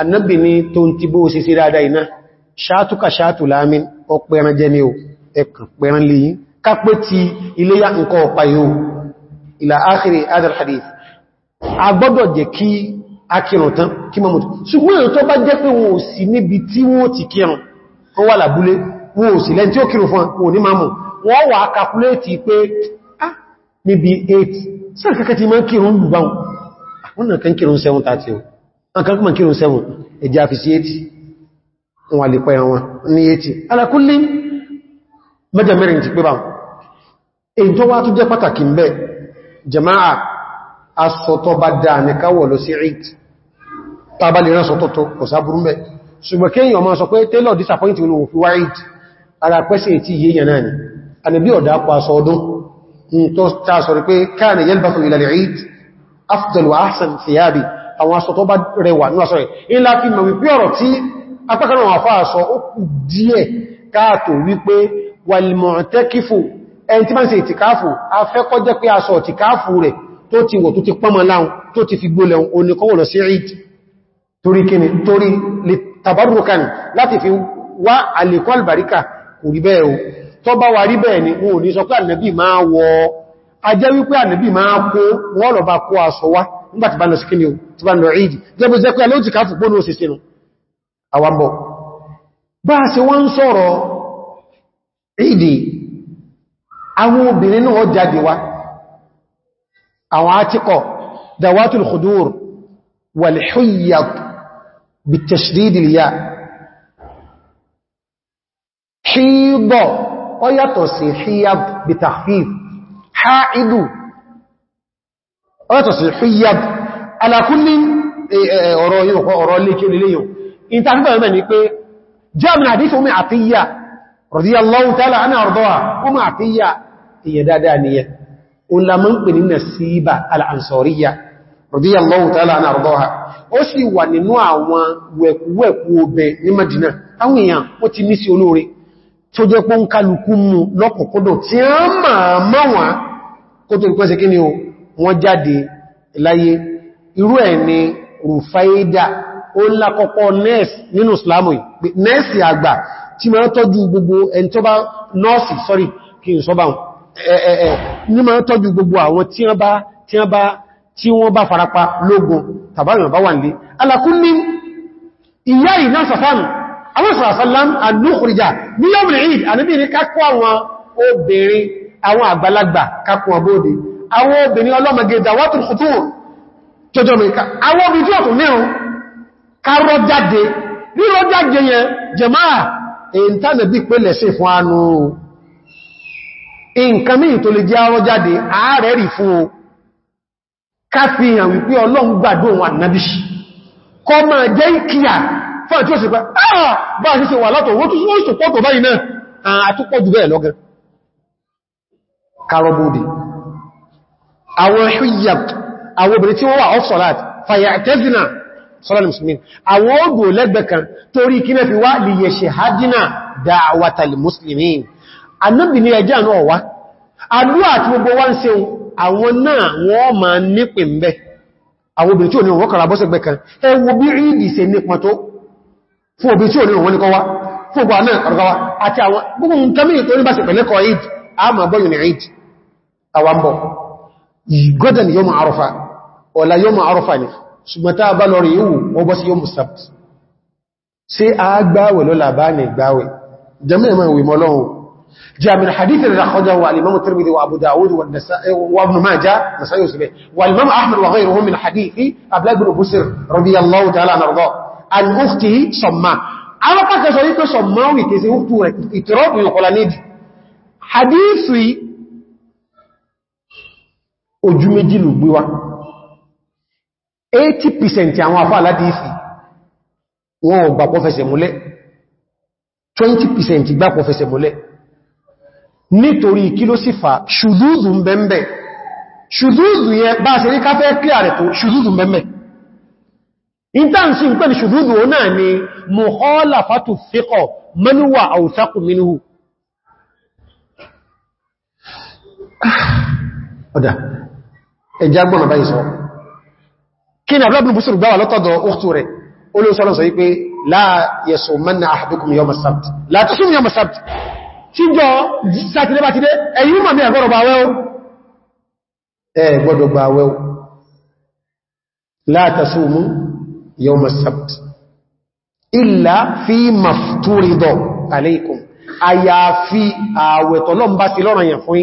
annabi ni tó ń ti bó ṣe sí dáadáa iná ṣáàtùkà ṣáàtù láàmín ọpẹ ẹran jẹ ni o ẹkàn pẹran lè yí kápé ti iléyà nǹkan ọ̀pá yóò ìlà ákìrì adal hadith a gbọ́dọ̀ jẹ́ kí a kírun tán kí mọ́ mọ́tí ṣùgbọ́n èyàn tó bá jẹ́ pé wọn ò sí níbi tí wọ́n ti kírun wọ́n wà lábúlé wọn ò sí lẹ́n tí ó kírun fún wọn ní máa mọ̀ wọ́n wà á kàkúléètì pé ah níbi 8 sáà kẹ́kẹ́ ti máa kírun lùbáwọn àwọn nǹkan kírun 7 30 o nǹkan kírun 7 ẹ̀jẹ́ àfisí 8 wọn lè pẹ̀rẹ̀ wọn ní ètì alákúnlé mẹ́jọ mẹ́rin ti pé bá èyí tó wá tó jẹ́ pàtàkì ń bẹ jẹmáà asọ̀tọ̀ bá dáa ní káwọ̀ lọ sí rít tàbá lè rán sọ̀tọ̀tọ̀ kò sáburú mẹ́ ṣùgbọ́n kéèyàn máa sọ pé tailor disappoint wọn ò fi wá rít ara pẹ́sẹ̀ ètì yé yẹn náà ni apákanáà wà fáà sọ ó kù díẹ̀ káàtò wípé wàlìmọ̀tẹ́kífò ẹni tí bá ń ṣe ìtìkáàfù afẹ́kọ́ jẹ́ pé aṣọ ìtìkáàfù rẹ̀ tó ti wọ̀ tó ti pọ́mọ láhun tó ti fi gbólẹ̀ oníkọwọ̀ lọ sí ríd torí o tó bá wà rí bẹ́ẹ̀ ni wọn ò ní sọ pé ànẹ́bì máa wọ ajẹ́ wípé ànẹ́bì máa kó wọ́n lọ bá kó aṣọ wá nígbàtí bá lọ sí kíni o ti bá lọ ríd jẹ́bọ́ jẹ́ pé alóòtìkáàfù gbónú òsìsìnù àwàbọ̀ bá ṣe wọ́n ń sọ̀rọ̀ ìdí àwọn obìnrin náà jáde wá àwọn átíkọ̀ dawatul khudur wal hiyyat bitashdid al ya ṣíbọ̀ ó yàtọ̀ sí hiyab bitahfif ha'idu ó yàtọ̀ sí ìtàrífẹ́ ẹ̀mẹ́ ni pé jẹ́mìnà àdífẹ́ omi àtíyà radiyallahu ta'ala anha àrọ̀dọ́wà omi àtíyà èyàn dáadáa ni yẹ olàmọ́ ń pè ní Nasiba al-Ansariya radiyallahu ta'ala anha àrọ̀dọ́wà ó ńlá kọ́kọ́ nẹ́ẹ̀sì nínú islamu nẹ́ẹ̀sì àgbà tí ma ń tọ́jú gbogbo ẹni tó bá nọ́ọ̀sì sorry kí n sọ́bà ní ma ń tọ́jú gbogbo àwọn tí wọ́n bá tí wọ́n bá tí wọ́n bá farapa lógun tàbáyàn bá wà ní alákúnní ìyá ìná sàfánù àwọn sàrásàlám àdúkùrìjà ní yọ́mìnì ìd àníbìnrin kákọ́ àwọn obìnrin àwọn àgbàlagbà kákọ́ ọgbóde àwọn obìnrin ọlọ́mọgẹ̀dà wátùn fútúrù tọjọ́ ọ̀tún mẹ́rún kárọ jáde rírọ jáde yẹn jẹmáà èyí tánà bí pẹ́lẹ̀ sí fún anú nǹkan mí tó lè jẹ́ arọ jáde ààrẹ rí fún o káfíyàn wípé ọlọ́run gbàdó wọn ànábì kọ máa jẹ́ ìkìyà fún àti òṣèpá ah! bá báyìí àwọn obìnrin tí wọ́n wà sọ́lọ́lù musulmin àwọn ògbò lẹ́gbẹ̀kan torí kí mẹ́fi wá lè yẹ ṣe hajjina dáwàtàlì musulmin annabi ni ẹjá náà wá àdúwà tí gbogbo wá ń ṣe àwọn náà wọ́n ma nípìn bẹ́ àwọn obìnrin tí ò ní wọ́n kàrà bọ́sẹ̀ gbẹ̀kan ẹ wo bí ìdì ṣe nípa tó ni yóò máa arọ́fà ọ̀la yóò máa arọ́fà ni ṣùgbọ́n tá bá lọ rí ìwò wọ́n bọ́ sí yóò musabt sí a gbáwẹ̀ lọ́la bá ní gbáwẹ̀ jami ẹ̀mọ̀ ìwé mọ́lọ́wọ́ jami hadithi da kọjá wa alimamu tirmidhi wa abu dawud wa ibn majah na sayo sibe wa alimamu ahmad wa ghayruhum min hadithi abdullahi ibn busir radiyallahu ojú méjì gbé wa 80% àwọn àfá aládìísì wọn ò gbà pọ́fẹsẹ̀ múlẹ̀ 20% gbà pọ́fẹsẹ̀ múlẹ̀ nítorí kí ló sì fa ṣùdúdù ń bẹ́m̀bẹ̀ ṣùdúdù yẹ bá ṣe rí káfẹ́ kíà rẹ̀ tó ṣùdúdù ń bẹ́m̀bẹ̀ intanṣi ń pẹ́ ni ṣùdúdù ó náà ni mukhalafatu fiqh man huwa awthaqu minhu ọ̀dá ẹjá gbọ́nà báyìí sọ kí ni abúlábùn búṣùrù gbáwà lọ́tọ̀dọ̀ òkú rẹ̀ olóòsọ́lọ́ sọ wípé láyẹsọ mẹ́nà àdúkùn yọmọ sábt látọ́sùn yọmọ sábt tí jọ sátidé bá ti dé ẹ̀yìn mọ̀ mí àgọ́rọ̀ bá wẹ́ọ́ ẹ gbọ́dọ̀ gbà wẹ́ọ́ látọ́sùn yọmọ sábt illa fi mafturidọ aleikum àyàfi àwẹ̀tọ̀lọ́mbá sí lọ́rọ̀ yẹn fún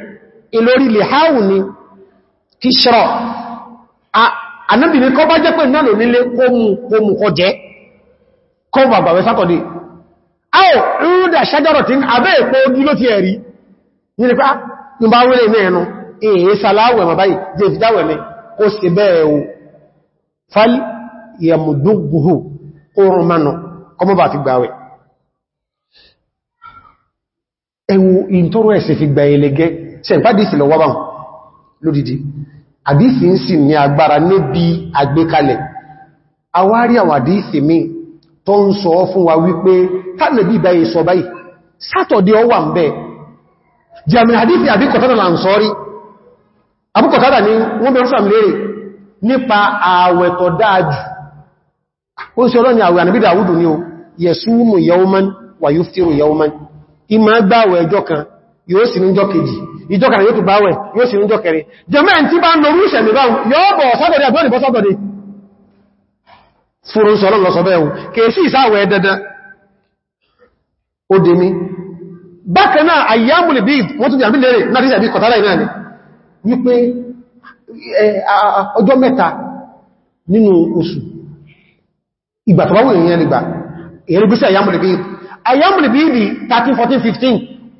ìlórí lèháù ni kìṣọ́ ànábì ní kọ́ bá jẹ́ pé náà nílé kómù kọ jẹ́ kọ́ bàbàwẹ́ sátọ̀dé áò rúdà ṣájọ́rọ̀ tí abẹ́ èpo ojú ló ti ẹ̀rí nílẹ̀pá nígbà wílé fal yàmùdúgbùhù oòrùn mánà kọmọ bá fi gbàwẹ̀ ẹwù ìntọ́rọ̀ ẹ̀sẹ̀ fi gbà ẹlẹ́gẹ́ ṣẹ̀pádìsì lọ wábáhùn lódìdí àdìsì ń sì ní agbára níbi àgbékalẹ̀ awárí àwọn àdìsì mi tó ń sọ fún wa wípé tánàbí báyìí sọ báyìí sátọ̀dé ọwà ń bẹ́ jẹ́mìn àdìsì àbíkọ̀tánà là ń sọ́rí ni wọ́n bẹ̀rẹ̀ sàm lérè nípa ààwẹ̀ tó dáájú ó yawman wà yawman ìmọ̀ gbáwẹ̀ ọjọ́ kan yóò sì níjọ́ kejì ìjọ́kàrà yóò tó bá wẹ̀ yóò sì níjọ́ kẹrin jẹ́mẹ́ tí bá ń lo rúṣẹ̀ mìíràn yóò bọ̀ sọ́dọ̀dẹ̀ àbúrò ìbọ́ sọ́dọ̀dẹ̀ fúrún sọ lọ́lọ́ sọ bẹ́ẹ̀hùn kèsí ìsáwẹ̀ dandan ó dé mi bákan náà àyámùlì bí wọ́n tún jàmí lérè náà dísẹ̀ bí kọ̀tàlá ìnáà ni wípé ọjọ́ mẹ́ta nínú oṣù ìgbà tó bá wù èèyàn nígbà èèyàn gbísẹ̀ àyámùlì bí àyámùlì bí 13 14 15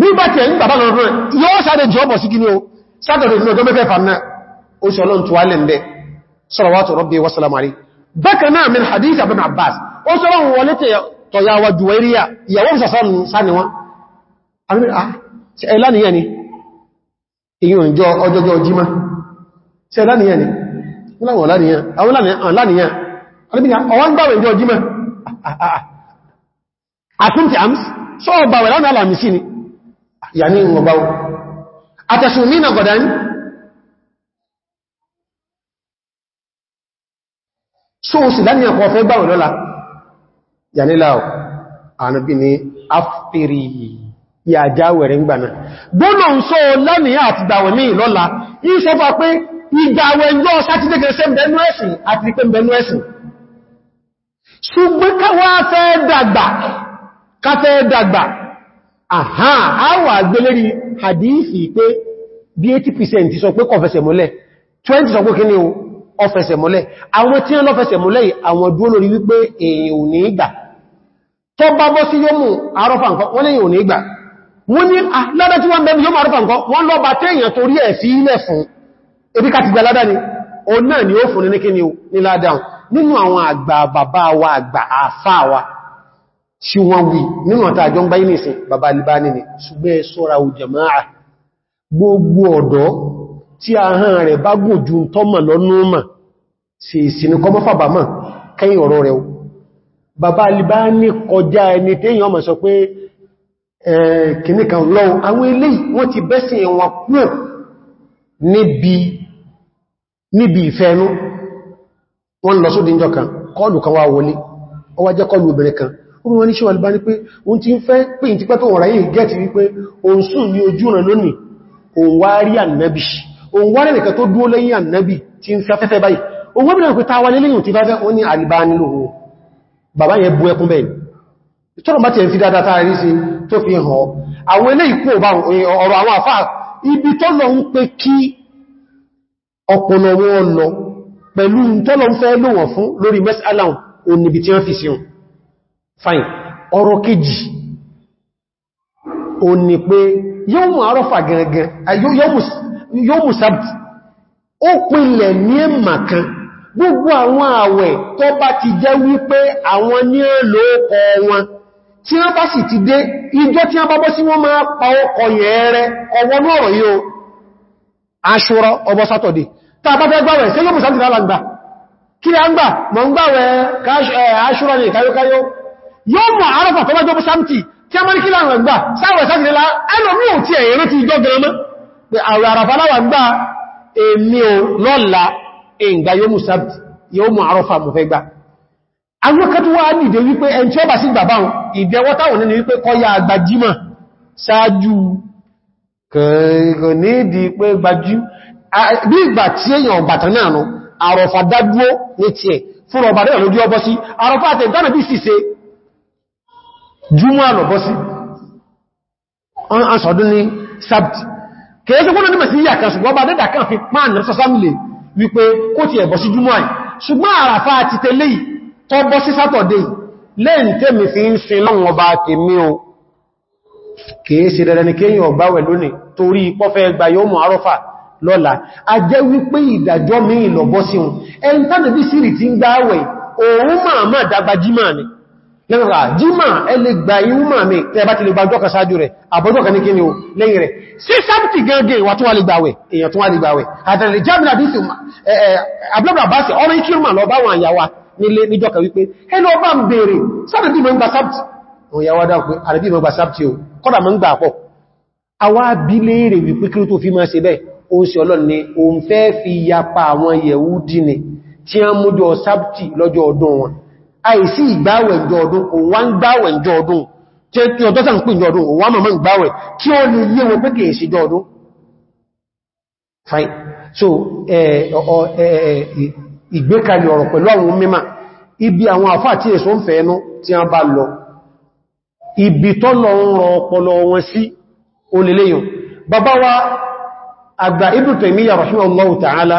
bíbá tẹ̀ ń bàbá lọ́rọ̀ yóò sáré jọ bọ̀ sí kí ní o sátọ̀rọ̀ ìfún ọjọ́ mẹ́fẹ́ fàánà ó ṣe ọlọ́n tuwa lẹ́ ǹdẹ́ sọ́rọ̀wátò rọ́bí wasalamari bákan náà min hadith abin abbas ó sọ́rọ̀ wọlé tọ̀yàwà juwairiya ìyàwó sọ́ọ̀bàwẹ̀ lọ́nà alàmìsí ni yàní ìwọ̀n bá wọn mí na gọ̀dá ní ṣó o sì láni ẹ̀kọ́ fẹ́ gbáwọn lọ́la yàní láọ̀ ànúbí ni afẹ́rí ìyàjá wẹ̀rẹ̀ ńgbàna gbọ́nà ń sọ láni àti gbàwẹ̀ mí lọ́la yìí sọ fà pé ìgbàwẹ̀ ń lọ́ sátidẹ́gẹ̀ẹ́sẹ́ mbẹ̀nú àhá àwà agbélérí hadithi pé bí 80% sọ pé kọfẹsẹ̀ mọ́lẹ̀ 20 sọ pé kí ni ọfẹsẹ̀ mọ́lẹ̀ àwọn tí wọ́n lọ́fẹsẹ̀ mọ́lẹ̀ àwọn dúró lórí wípé èyàn ò ní ìgbà tó bá bọ́ sí yóò mú àrọ́fà nǹkan wọ́n lẹ́yìn ò ní ah, ebi ká ni òun ni ó fún ní kí ni ní ládá nínú àwọn àgbà bàbá wa tí wọ́n wí nínú ọ̀ta àjọ ń báyí nìsìn bàbá alìbáni ni ṣùgbẹ́ sọ́ra ò gbogbo ọ̀dọ́ tí hàn rẹ̀ bá gbòjú tọ́mà lọ́númà sí ìsinmi kọmọ́ fàbàmà kẹ́yìn ọ̀rọ̀ rẹ̀ bàbá alìbáni kọjá ẹni tẹ́yìn ọmọ sọ pé kìníkan lọ jẹ́ obìnrin kan orí wọn ní ṣe Albani pé oun ti ń fẹ́ pè ní tipẹ́ tó wọ̀n ráyè gẹ́ẹ̀tì wípé oun sùn ní ojú ọ̀nà lónìí oun wá rí ànẹ́bì oun wá rẹ̀lẹ̀kẹ́ tó dúó lẹ́yìn ànẹ́bì tí ń fẹ́fẹ́fẹ́ báyìí oun wọ́n bí náà pé táwa lẹ́lẹ́yìn tí fẹ́fẹ́ ó ní Albani lòó bàbá yẹn bú ẹkún bẹ́ẹ̀ tọ́rọ bá ti ẹ̀ fi dáadáa tàà eh, òun níbi tí wọ́n fi sí fine ọrụ kejì o ní pé yóò mú àrọ́fà gẹ̀rẹ̀gẹ̀rẹ̀ yóò mú ó pínlẹ̀ ní kan gbogbo àwọn àwẹ̀ tó bá ti jẹ́ wípé àwọn ní èlò tí wọ́n bá sì ti dé ìjọ tí wọ́n bá sí wọ́n máa pa ọkọ̀ yẹn rẹ ọwọ́ náà yóò aṣúra ọbọ̀ sátọ̀dé gbáwẹ̀ sí yóò mú kí a ń gbà mọ̀ ń aṣúra ní yóò mọ̀ àárọ̀fà tó wájọ́ sáàmtì tí a mọ́ ní kí láàrín ẹgbà sáàrẹ̀ sáàrẹ̀ lá ẹlòmí ò tí ẹ̀yẹ̀ rántí ìjọ gẹrẹmọ́ pé àwẹ̀ àràfà láwà gbá èmi ò lọ́la ẹ̀ǹgbà yóò mọ̀ àárọ̀fà mọ̀ fẹ́ gbá agbókẹ́tùwà nìdè wípé ẹn tí ó bà sí gbàbá wọn ìdẹwọ́ ya gbajímọ̀ ṣáájú kẹ̀ẹ̀kọ̀ ní ìdí pé gbajú bí ìgbà tí èyàn bàtà náà àrọ̀fà dádúó ní tí se jùmọ́ àlọ̀bọ́ sí ọ̀sọ̀dún ní sábtì kèése kúrò ní mẹ̀sí yàkà ṣùgbọ́n bá dẹ́dà kan fi pán ní sọ́sámìlè wípé kó ti ẹ̀bọ̀ sí jùmọ́ àì ṣùgbọ́n àràfà ti tẹ́lẹ̀ tó bọ́ sí sátọ̀dé lẹ́yìn o kèése dẹ̀dẹ̀ ni kéyàn ọba wẹ̀ lónìí torí pọ́fẹ́ gba yóò mọ̀ arọ́fà lọ́la a jẹ́ wípé ìdàjọ́ mi ìlọ̀bọ́ sí wọn ẹni tánàbí òun máa máa dàgbàjímà ni lẹ́nàrà jímà ẹlẹ́ gba ìwúmà mi tẹ́ẹ̀bá ti lè gba ọjọ́ kan sáájú rẹ̀ àbọ́jọ́ kan ní kí ni o lẹ́yìn rẹ̀ sí sáàbùtì gẹ́gẹ́ wà tún wà lè gbàwẹ̀ èèyàn tún wà lè gbàwẹ̀ àtàrẹ̀ jábìnà bí sí àbúrà bá sí ọmọ ikirma lọ bá wọn àyàwà nílé níjọ́ kan wípé ẹlọ bá ń bèèrè sáàbì mọ́ ń gba sáàbùtì wọn yàwà dákù àrẹ́bí mọ́ gba sáàbùtì o àìsí ìgbàwẹ̀ ìjọ ọdún òwà ń gbàwẹ̀ ìjọ ọdún tí ọjọ́ sàn pín ìjọ ọdún òwà mọ̀mọ́ ìgbàwẹ̀ kí ó lè yé wọn pé kèè sí ìjọ ọdún fine so ìgbékalẹ̀ ọ̀rọ̀ pẹ̀lú àwọn mímá ibi àwọn àfá àti èso ń fẹ́ ẹnu tí a bá lọ ibi tó lọ ń rọ ọpọlọ wọn sí olèléyàn bàbá wa àgbà Ibn Taymiyyah rahimahullahu ta'ala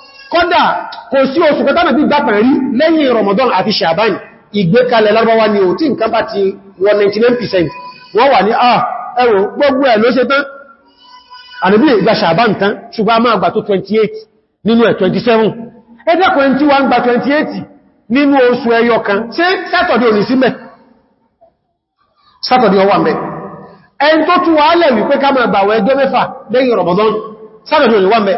kọ́dà kò sí oṣù kẹtàmà bí gbápẹ̀ rí lẹ́yìn Ramadan àti Ṣàbáyìn ìgbékalẹ̀ Lárúbáwá ni ò tí nǹkan bá ti 199% wọ́n wà ní ah ẹwọ gbogbo ẹ̀ ló ṣe tán àníbí ìgbà Ṣàbáyìn tán ṣùgbọ́n a máa gbà tó 28 nínú ẹ̀ 27 ẹ̀dẹ́kùnrin tí wọ́n gba 28 nínú oṣù ẹyọ kan ṣe sátọ̀dẹ̀ òní símẹ̀ sátọ̀dẹ̀ ọwà mẹ́ ẹni tó tún wà lẹ̀ wípé ká máa gbàwẹ̀ ẹgbẹ́ mẹ́fà lẹ́yìn Ramadan sátọ̀dẹ̀ òní wà mẹ́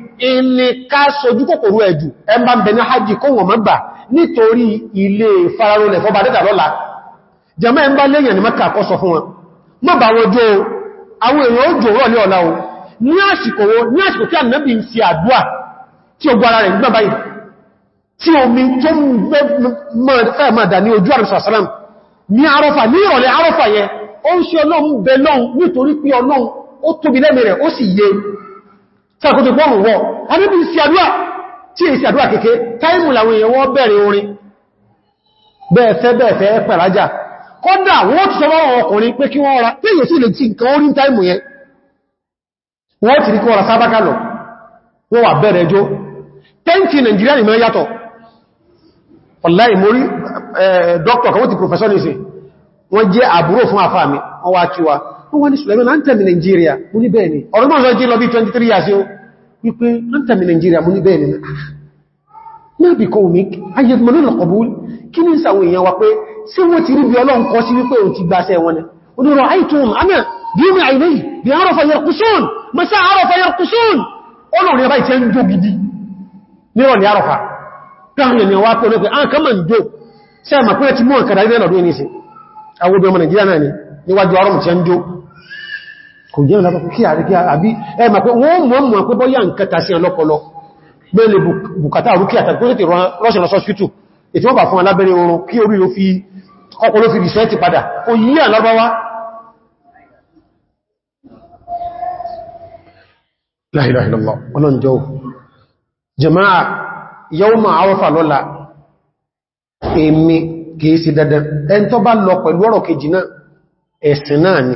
ìní ká sojú kòkòrò ẹ̀jù ẹmbà bẹ̀ ní hajji kó wọ̀n mọ́gbà nítorí ilé fararolẹ̀ fọba dẹ́dà lọ́la jẹmọ́ ẹmbà lẹ́yìn ní sọ fún wọn mọ́bà wọjọ́ àwọn èèyàn ó jòrò ní o ní àsìkò wo a arọ́fà ní arọ́fà yẹ ó ń ṣe ọlọ́run nítorí pé ọlọ́run ó tóbi sàkòtò pọ́ọ̀mù wọ́ anábì sí àdúwà tí èsì àdúwà kéèké táìmù làwọn èèyàn wọ́n bẹ̀rẹ̀ orin bẹ́ẹ̀fẹ́ bẹ́ẹ̀fẹ́ pẹ̀lájà kọ́dà wọ́n ti sọmọ́ ọkùnrin pé kí wọ́n ra péyè sí lè tí nǹkan orí táìmù yẹn wọ́n ti rí kọ́ ra sábákà lọ wọ́n wà bẹ̀rẹ̀ jó tẹ́ǹtì nàìjíríà nìmọ̀ yàtọ̀ ọ̀láì mórí eh, dókítà kan wọ́n ti professor nìsìn wọ́n jẹ́ àbúrò fún àfáà mi wọ́n wá kí wa wọ́n ní Suleiman antemi Nigeria mú ní bẹ́ẹ̀ ni ọ̀rọ̀ mọ́ lọ bí 23 years yóò wípé antemi Nigeria mú ní bẹ́ẹ̀ ni ah, náà bí kòmí ayẹ̀dùmọ̀ lọ́nà kọ̀bùl kí ní ìsàwọn èèyàn wa pé sí wọ́n ti rí bí ọlọ́run kọ́ sí wípé òun ti gbáṣẹ́ wọn ni onírọ̀ àìtùn àmì bíomi àìlẹ́yì bí àárọ̀ fayarkusun masá àárọ̀ fayarkusun ọlọ́run yaba ìtẹ́ ń jó gidi nírọ̀ ní àrọ̀fà káàrin ènìyàn wá pé olóògbé àwọn kan mọ̀ ń jó sí àmàkúnlẹ̀ ti mọ́ ọ̀kadà ilẹ̀ ń jó kò jẹ́ ìlàpọ̀ kí àrí kí àbí ẹmà pé wọ́n mọ̀ mọ̀ pé bọ́yá nǹkan tàṣí ọlọ́pọ̀lọ́ mẹ́lẹ̀ bùkátà àrúkí àtàkùnrin rọ́ṣẹ̀rọ̀ sọ́sítù ètí wọ́n bà fún alábẹ́rẹ̀ oòrùn kí orí ló fi ọkọ̀lọ́ fi rìsẹ́ẹ̀tì padà ó jama'a yawma Arafa lọ́la èmi kìí sí dandan ẹn tó bá lọ pẹ̀lú ọ̀rọ̀ kejì náà ẹ̀sìn náà ni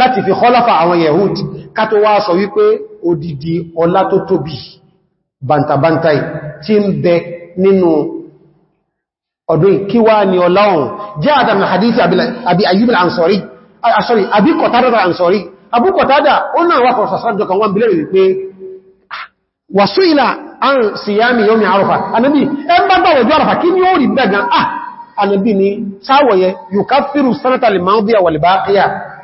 láti fi kọ́láfà àwọn yehud kátó wá sọ wípé odidi ọlá tó tóbi bantabantai tí ń bẹ nínú ọdún kí wá ní ọlá ọ̀hún jẹ́ adam na hadithi àbí ayyub al-ansori sorry àbí kọ̀tádà al-ansori àbú kọ̀tádà ó náà wá kọ̀rọ̀ sàsájọ kan wọ́n bilẹ̀ wípé ah, wàsú ìlà an siyami yomi arọ́fà anábi ẹn bá bá wọ̀jú arọ́fà kí ni ó rí bẹ́gan ah anábi ni sáwọ̀yẹ yukafiru sanata liman biya wal baqiya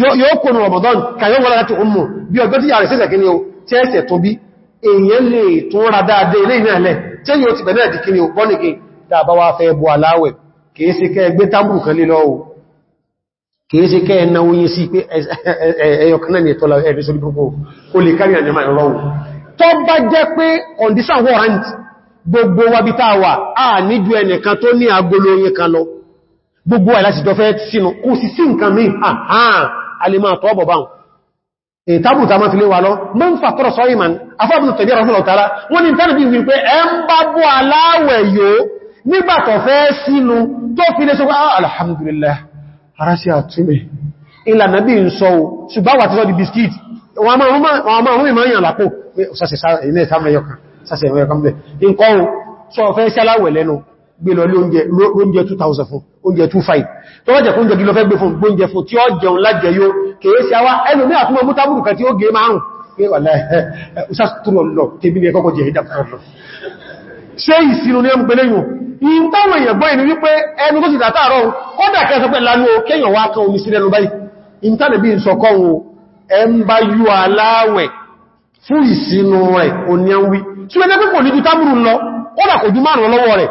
yóò kò ní Ramadan kàyọ́ wọ́n láti ọmọ bí ọjọ́ tí yàrá ìsẹ́sẹ̀ kíni o tí ẹsẹ̀ tó bí èyàn lè tó rà dáadé ilé ìrìn alẹ́ tí yóò ti bẹ̀rẹ̀ dìkíni o bọ́nìkì tàbá wá fẹ́ bọ́ aláwẹ̀ kèése kẹ́ gbé tábù kan lé lọ́wọ́ kèése kẹ́ ẹnáwó yí sí pé ẹyọkan ni ẹ̀tọ́ gbogbo àìláti jọ fẹ́ sínú kò sí sí nǹkan mí àhán alìmọ̀ àtọ́bọ̀ báhùn ìtàbùtà máa fi lé wa lọ mọ́ ń fàtọ́rọ̀ sọ ìmàn afọ́bùn tẹ̀bí ọ̀rọ̀ ọ̀tara wọ́n ni tẹ́lẹ̀ bí wípé ẹ ń bá bọ́ aláwẹ̀ yóò nígbàtọ̀ fẹ́ sínú tó fi lé sọ́wọ́ ah, alhamdulillah ara sí àtúnmẹ̀ ìlànà bí ń sọ ṣùgbọ́n wà ti sọ di biskit wọ́n máa rún ìmọ̀ yàn lápò gbé lọ lóúnjẹ 2000 fún oúnjẹ 25 tó wájẹ̀ fún jẹ́gí lọ fẹ́ gbé fún oúnjẹ fún tí ó jẹun lájẹ yóò kèé sí àwá ẹnu ní àtúnmọ̀ mú tábùrù kan tí ó gẹ márùn pé wà láì ṣàtúnmọ̀ lọ tèbí ní ẹkọ́kọ́ jẹ ìdàpọ̀ ṣe ìsinú ní ẹmù pẹ̀lẹ́yìn in táwọn èèyàn gbọ́ ìní wípé ẹnu tó sì dátàrọ kọ́dà kẹsọ pẹ̀ lánú kéèyàn wá kan omi sílẹ̀ lọ́báyì in ń bá yú aláwẹ̀ fún ìsinú rẹ̀ òní ẹ̀wí ṣúgbẹ́ jẹ́ pípò ní ju tábùrù lọ kọ́dà kò márùn-ún lọ́wọ́ rẹ̀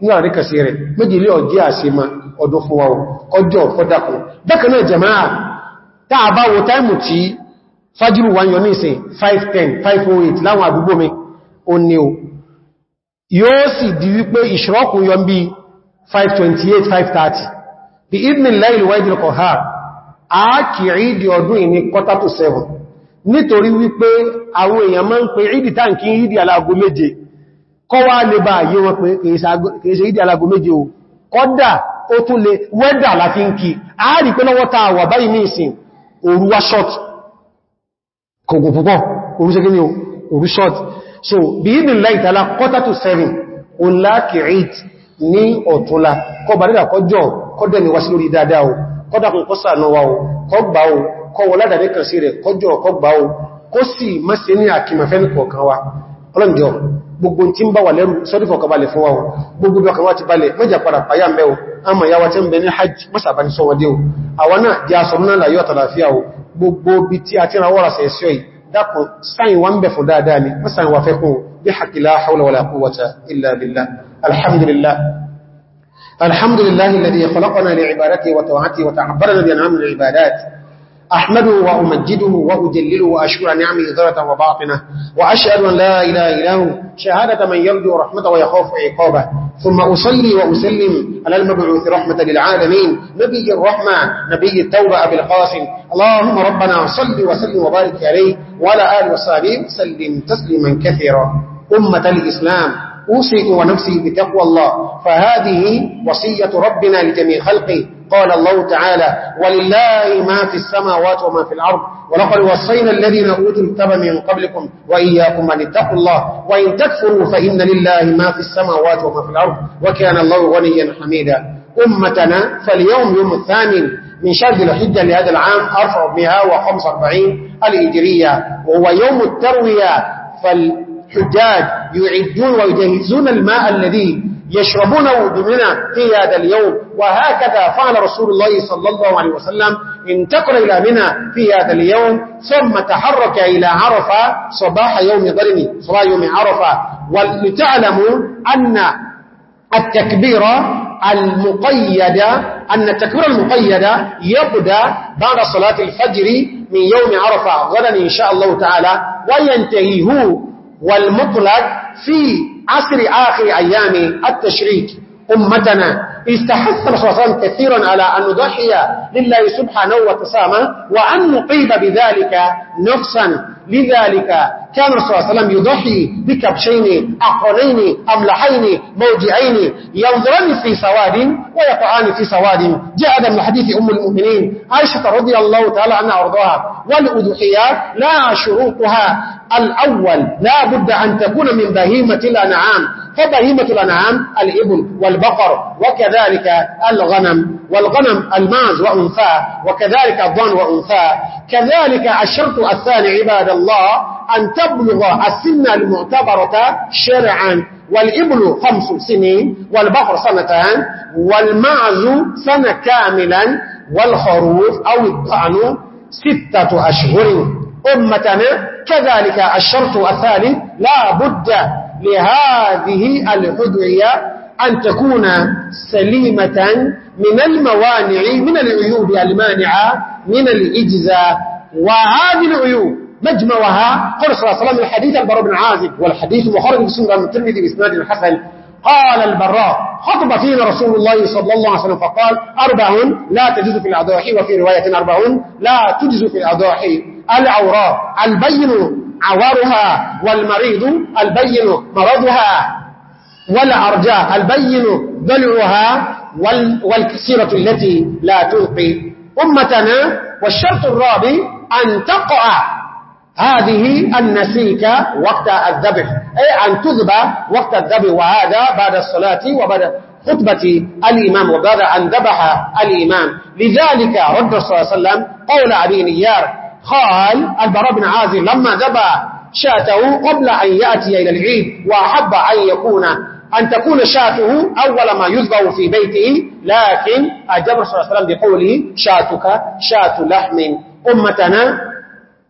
ní àríkàsí rẹ̀ méjìlé ọjí àṣíma ọdún fún wa ọjọ́ fọ́dákù dákanáà jama'a táà bá wo táìmù tí fájírù wá yọ ní ìsìn 510 508 láwọn àdúgbò mi o ní o yóò sì di wípé ìṣrọ́kù yọ bí 528 530 di evening láìlú wáyé lọ́kọ̀ ha a kiri di ọdún ìní kọ́tà tó 7 nítorí wípé àwọn èèyàn máa ń pe ìdí táǹkì ìdí kọ́ wá lè bá yé wọn pé kèèṣe ìdí alago méje o kọ́dà ó tún lè wẹ́dà láti ń kí ààrí pé lọ́wọ́ ta wà báyìí ní ìsìn òruwa short kògùn púpọ̀ orúṣẹ́gí ni òru short so bí i nìlá ìtàlá quarter to seven o láàkì eight ní ọ̀túnlá kọ́ bá ni wá sí lórí dáadáa o kọ́dà kún kọ́sà náà o kọ́ gbà o kọ́ wọ ládàdé kan sí ọlọ́njọ́ gbogbo tí ń bá wà lẹ́rù sọ́rí fọ̀kàbalẹ̀ fún wa o gbogbo bí ọkàwà ti balẹ̀ mẹ́jà padà pàyà mẹ́ o àmà yáwa tí ń bẹ ní hajj mọ́sàbáni sọ́wọ́dé o àwọn náà di aṣọ náà láyọ́ àtàlàfíà o gbogbo bí tí a ti ra wọ́ra sẹ́ẹ̀sọ́ أحمده وأمجده وأدلله وأشكر نعمه ذرة وباطنة وأشهد أن لا إله إلا هو شهادة من يرجو رحمته ويخاف عقابه ثم أصلي وأسلم على المبعوث رحمة للعالمين نبي الرحمة نبي التوبة أبي القاسم اللهم ربنا صل وسلم وبارك عليه وعلى آل وصحبه سلم تسليما كثيرا أمة الإسلام أوصي ونفسي بتقوى الله فهذه وصية ربنا لجميع خلقه قال الله تعالى ولله ما في السماوات وما في الأرض ولقد وصينا الذين أوتوا الكتاب من قبلكم وإياكم أن اتقوا الله وإن تكفروا فإن لله ما في السماوات وما في الأرض وكان الله غنيا حميدا أمتنا فاليوم يوم الثامن من شهر الحجة لهذا العام 445 الإجرية وهو يوم التروية فالحجاج يعدون ويجهزون الماء الذي يشربونه بمنى في هذا اليوم وهكذا فعل رسول الله صلى الله عليه وسلم انتقل إلى منى في هذا اليوم ثم تحرك إلى عرفة صباح يوم ظلمي صباح يوم عرفة ولتعلموا أن التكبير المقيدة أن التكبير المقيدة يبدأ بعد صلاة الفجر من يوم عرفة غدا إن شاء الله تعالى وينتهيه والمطلق في عصر آخر أيام التشريك أمتنا استحث الخصام كثيرا على أن نضحي لله سبحانه وتسامى وأن نقيد بذلك نفسا لذلك كان الرسول صلى الله عليه وسلم يضحي بكبشين أقلين أملحين موجعين ينظران في سواد ويقعان في سواد جاء هذا من حديث أم المؤمنين عائشة رضي الله تعالى عنها وارضاها والأدحيات لا شروطها الأول لا بد أن تكون من بهيمة الأنعام فبهيمة الأنعام الإبل والبقر وكذلك الغنم والغنم الماز وأنثى وكذلك الضان وأنثى كذلك الشرط الثاني عباد الله أن تبلغ السنة المعتبرة شرعا والإبل خمس سنين والبقر سنتان والمعز سنة كاملا والخروف أو الضأن ستة أشهر أمتنا كذلك الشرط الثالث لا بد لهذه الأدعية أن تكون سليمة من الموانع من العيوب المانعة من الإجزاء وهذه العيوب مجموعها قال صلى الله عليه وسلم الحديث البراء بن عازب والحديث مخرج بسورة من الترمذي بإسناد الحسن قال البراء خطب فينا رسول الله صلى الله عليه وسلم فقال أربع لا تجز في الأضاحي وفي رواية أربع لا تجز في الأضاحي العوراء البين عورها والمريض البين مرضها والأرجاء البين ضلعها والكسيرة التي لا تلقي أمتنا والشرط الرابع أن تقع هذه النسيكة وقت الذبح أي أن تذبى وقت الذبح وهذا بعد الصلاة وبعد خطبة الإمام وبعد أن ذبح الإمام لذلك رد صلى الله عليه وسلم قول عبي نيار قال البراء بن عازم لما ذبح شاته قبل أن يأتي إلى العيد وأحب أن يكون أن تكون شاته أول ما يذبح في بيته لكن أجاب رسول الله عليه وسلم بقوله شاتك شات لحم أمتنا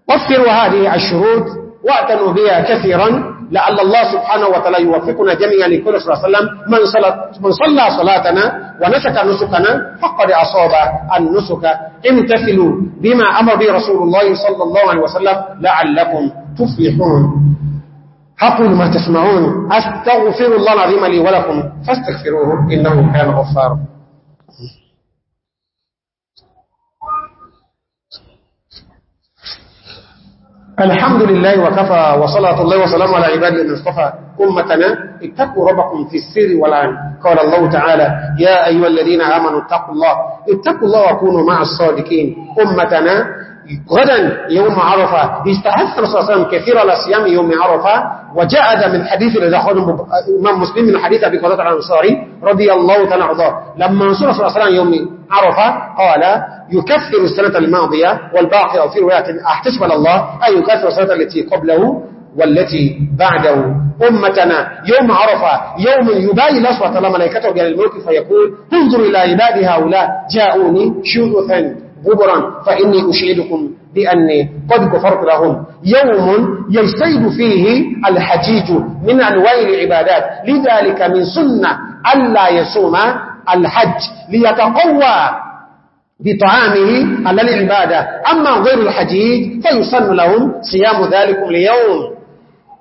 وفروا هذه الشروط واعتنوا بها كثيرا لعل الله سبحانه وتعالى يوفقنا جميعا لكل صلى الله وسلم من صلى, من صلى صلاتنا ونسك نسكنا فقد أصاب النسك امتثلوا بما أمر به رسول الله صلى الله عليه وسلم لعلكم تفلحون أقول ما تسمعون أستغفر الله العظيم لي ولكم فاستغفروه إنه كان غفارا الحمد لله وكفى وصلاة الله وسلام على عباده المصطفى أمتنا اتقوا ربكم في السر والعلم قال الله تعالى يا أيها الذين آمنوا اتقوا الله اتقوا الله وكونوا مع الصادقين أمتنا غدا يوم عرفة استحث صلى الله عليه وسلم كثيرا لسيام يوم عرفة وجاء من حديث الذي أخذ الإمام مسلم من حديث أبي قدرة عن الأنصاري رضي الله تعالى عنه لما رسول صلى الله عليه وسلم يوم عرفة قال يكفر السنة الماضية والباقي أو في رواية أحتسب الله أن يكفر السنة التي قبله والتي بعده أمتنا يوم عرفة يوم يباي أصوة الله ملائكته بأن الملك فيقول انظر إلى عباد هؤلاء جاءوني شوثا غبرا فإني أشهدكم بأني قد كفرت لهم يوم يجتيد فيه الحجيج من أنواع العبادات لذلك من سنة ألا يصوم الحج ليتقوى بطعامه على العبادة أما غير الحجيج فيصن لهم صيام ذلك اليوم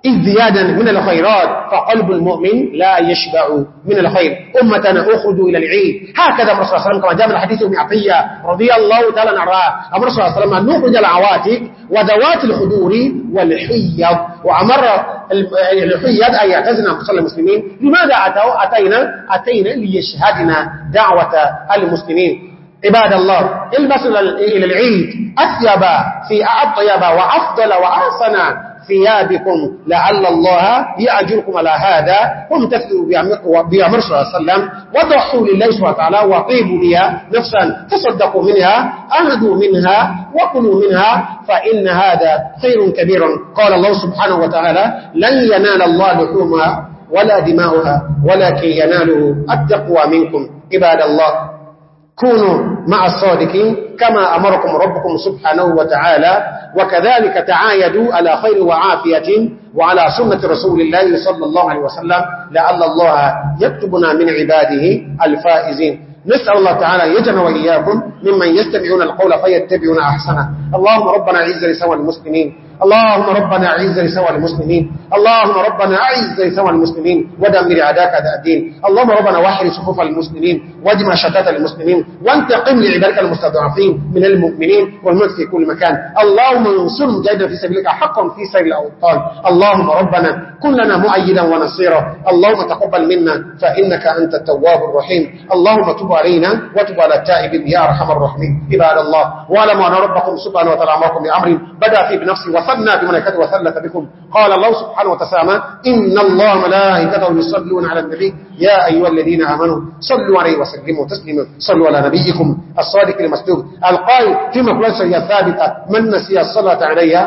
ازديادا من الخيرات فقلب المؤمن لا يشبع من الخير أمتنا أخرجوا إلى العيد هكذا أمر صلى الله عليه وسلم كما جاء من حديث ابن عطية رضي الله تعالى نعراه أمر صلى الله عليه وسلم أن نخرج العواتق وذوات الخدور والحيض وأمر الحيض أن يعتزنا مصلى المسلمين لماذا أتوا أتينا أتينا ليشهدنا دعوة المسلمين عباد الله البسوا إلى العيد أثيب في أطيب وأفضل وأحسن ثيابكم لعل الله يأجركم على هذا وامتثلوا بأمر صلى الله عليه وسلم وضحوا لله سبحانه وتعالى وقيبوا بها نفسا تصدقوا منها أهدوا منها وقلوا منها فإن هذا خير كبير قال الله سبحانه وتعالى لن ينال الله لحومها ولا دماؤها ولكن يناله التقوى منكم عباد الله كونوا مع الصادقين كما أمركم ربكم سبحانه وتعالى وكذلك تعايدوا على خير وعافية وعلى سنة رسول الله صلى الله عليه وسلم لعل الله يكتبنا من عباده الفائزين نسأل الله تعالى يجمع وإياكم ممن يستمعون القول فيتبعون أحسنه اللهم ربنا عز لسوى المسلمين اللهم ربنا أعز لسوى المسلمين اللهم ربنا أعز لسوى المسلمين ودمر عداك هذا الدين اللهم ربنا وحر صفوف المسلمين واجمع شتات المسلمين وانتقم لعبادك المستضعفين من المؤمنين والموت في كل مكان اللهم انصرهم مجايدا في سبيلك حقا في سبيل الأوطان اللهم ربنا كن لنا مؤيدا ونصيرا اللهم تقبل منا فإنك أنت التواب الرحيم اللهم تب علينا وتب على التائب يا أرحم الرحمن عباد الله وعلموا أن ربكم سبحانه وتعالى أمركم بأمر بدأ في بنفسه خصبنا بملائكته وثلث بكم قال الله سبحانه وتسامى إن الله ملائكته يصلون على النبي يا أيها الذين آمنوا صلوا عليه وسلموا تسليما صلوا على نبيكم الصادق المسلوب القائل في مخلصة هي ثابتة من نسي الصلاة عليها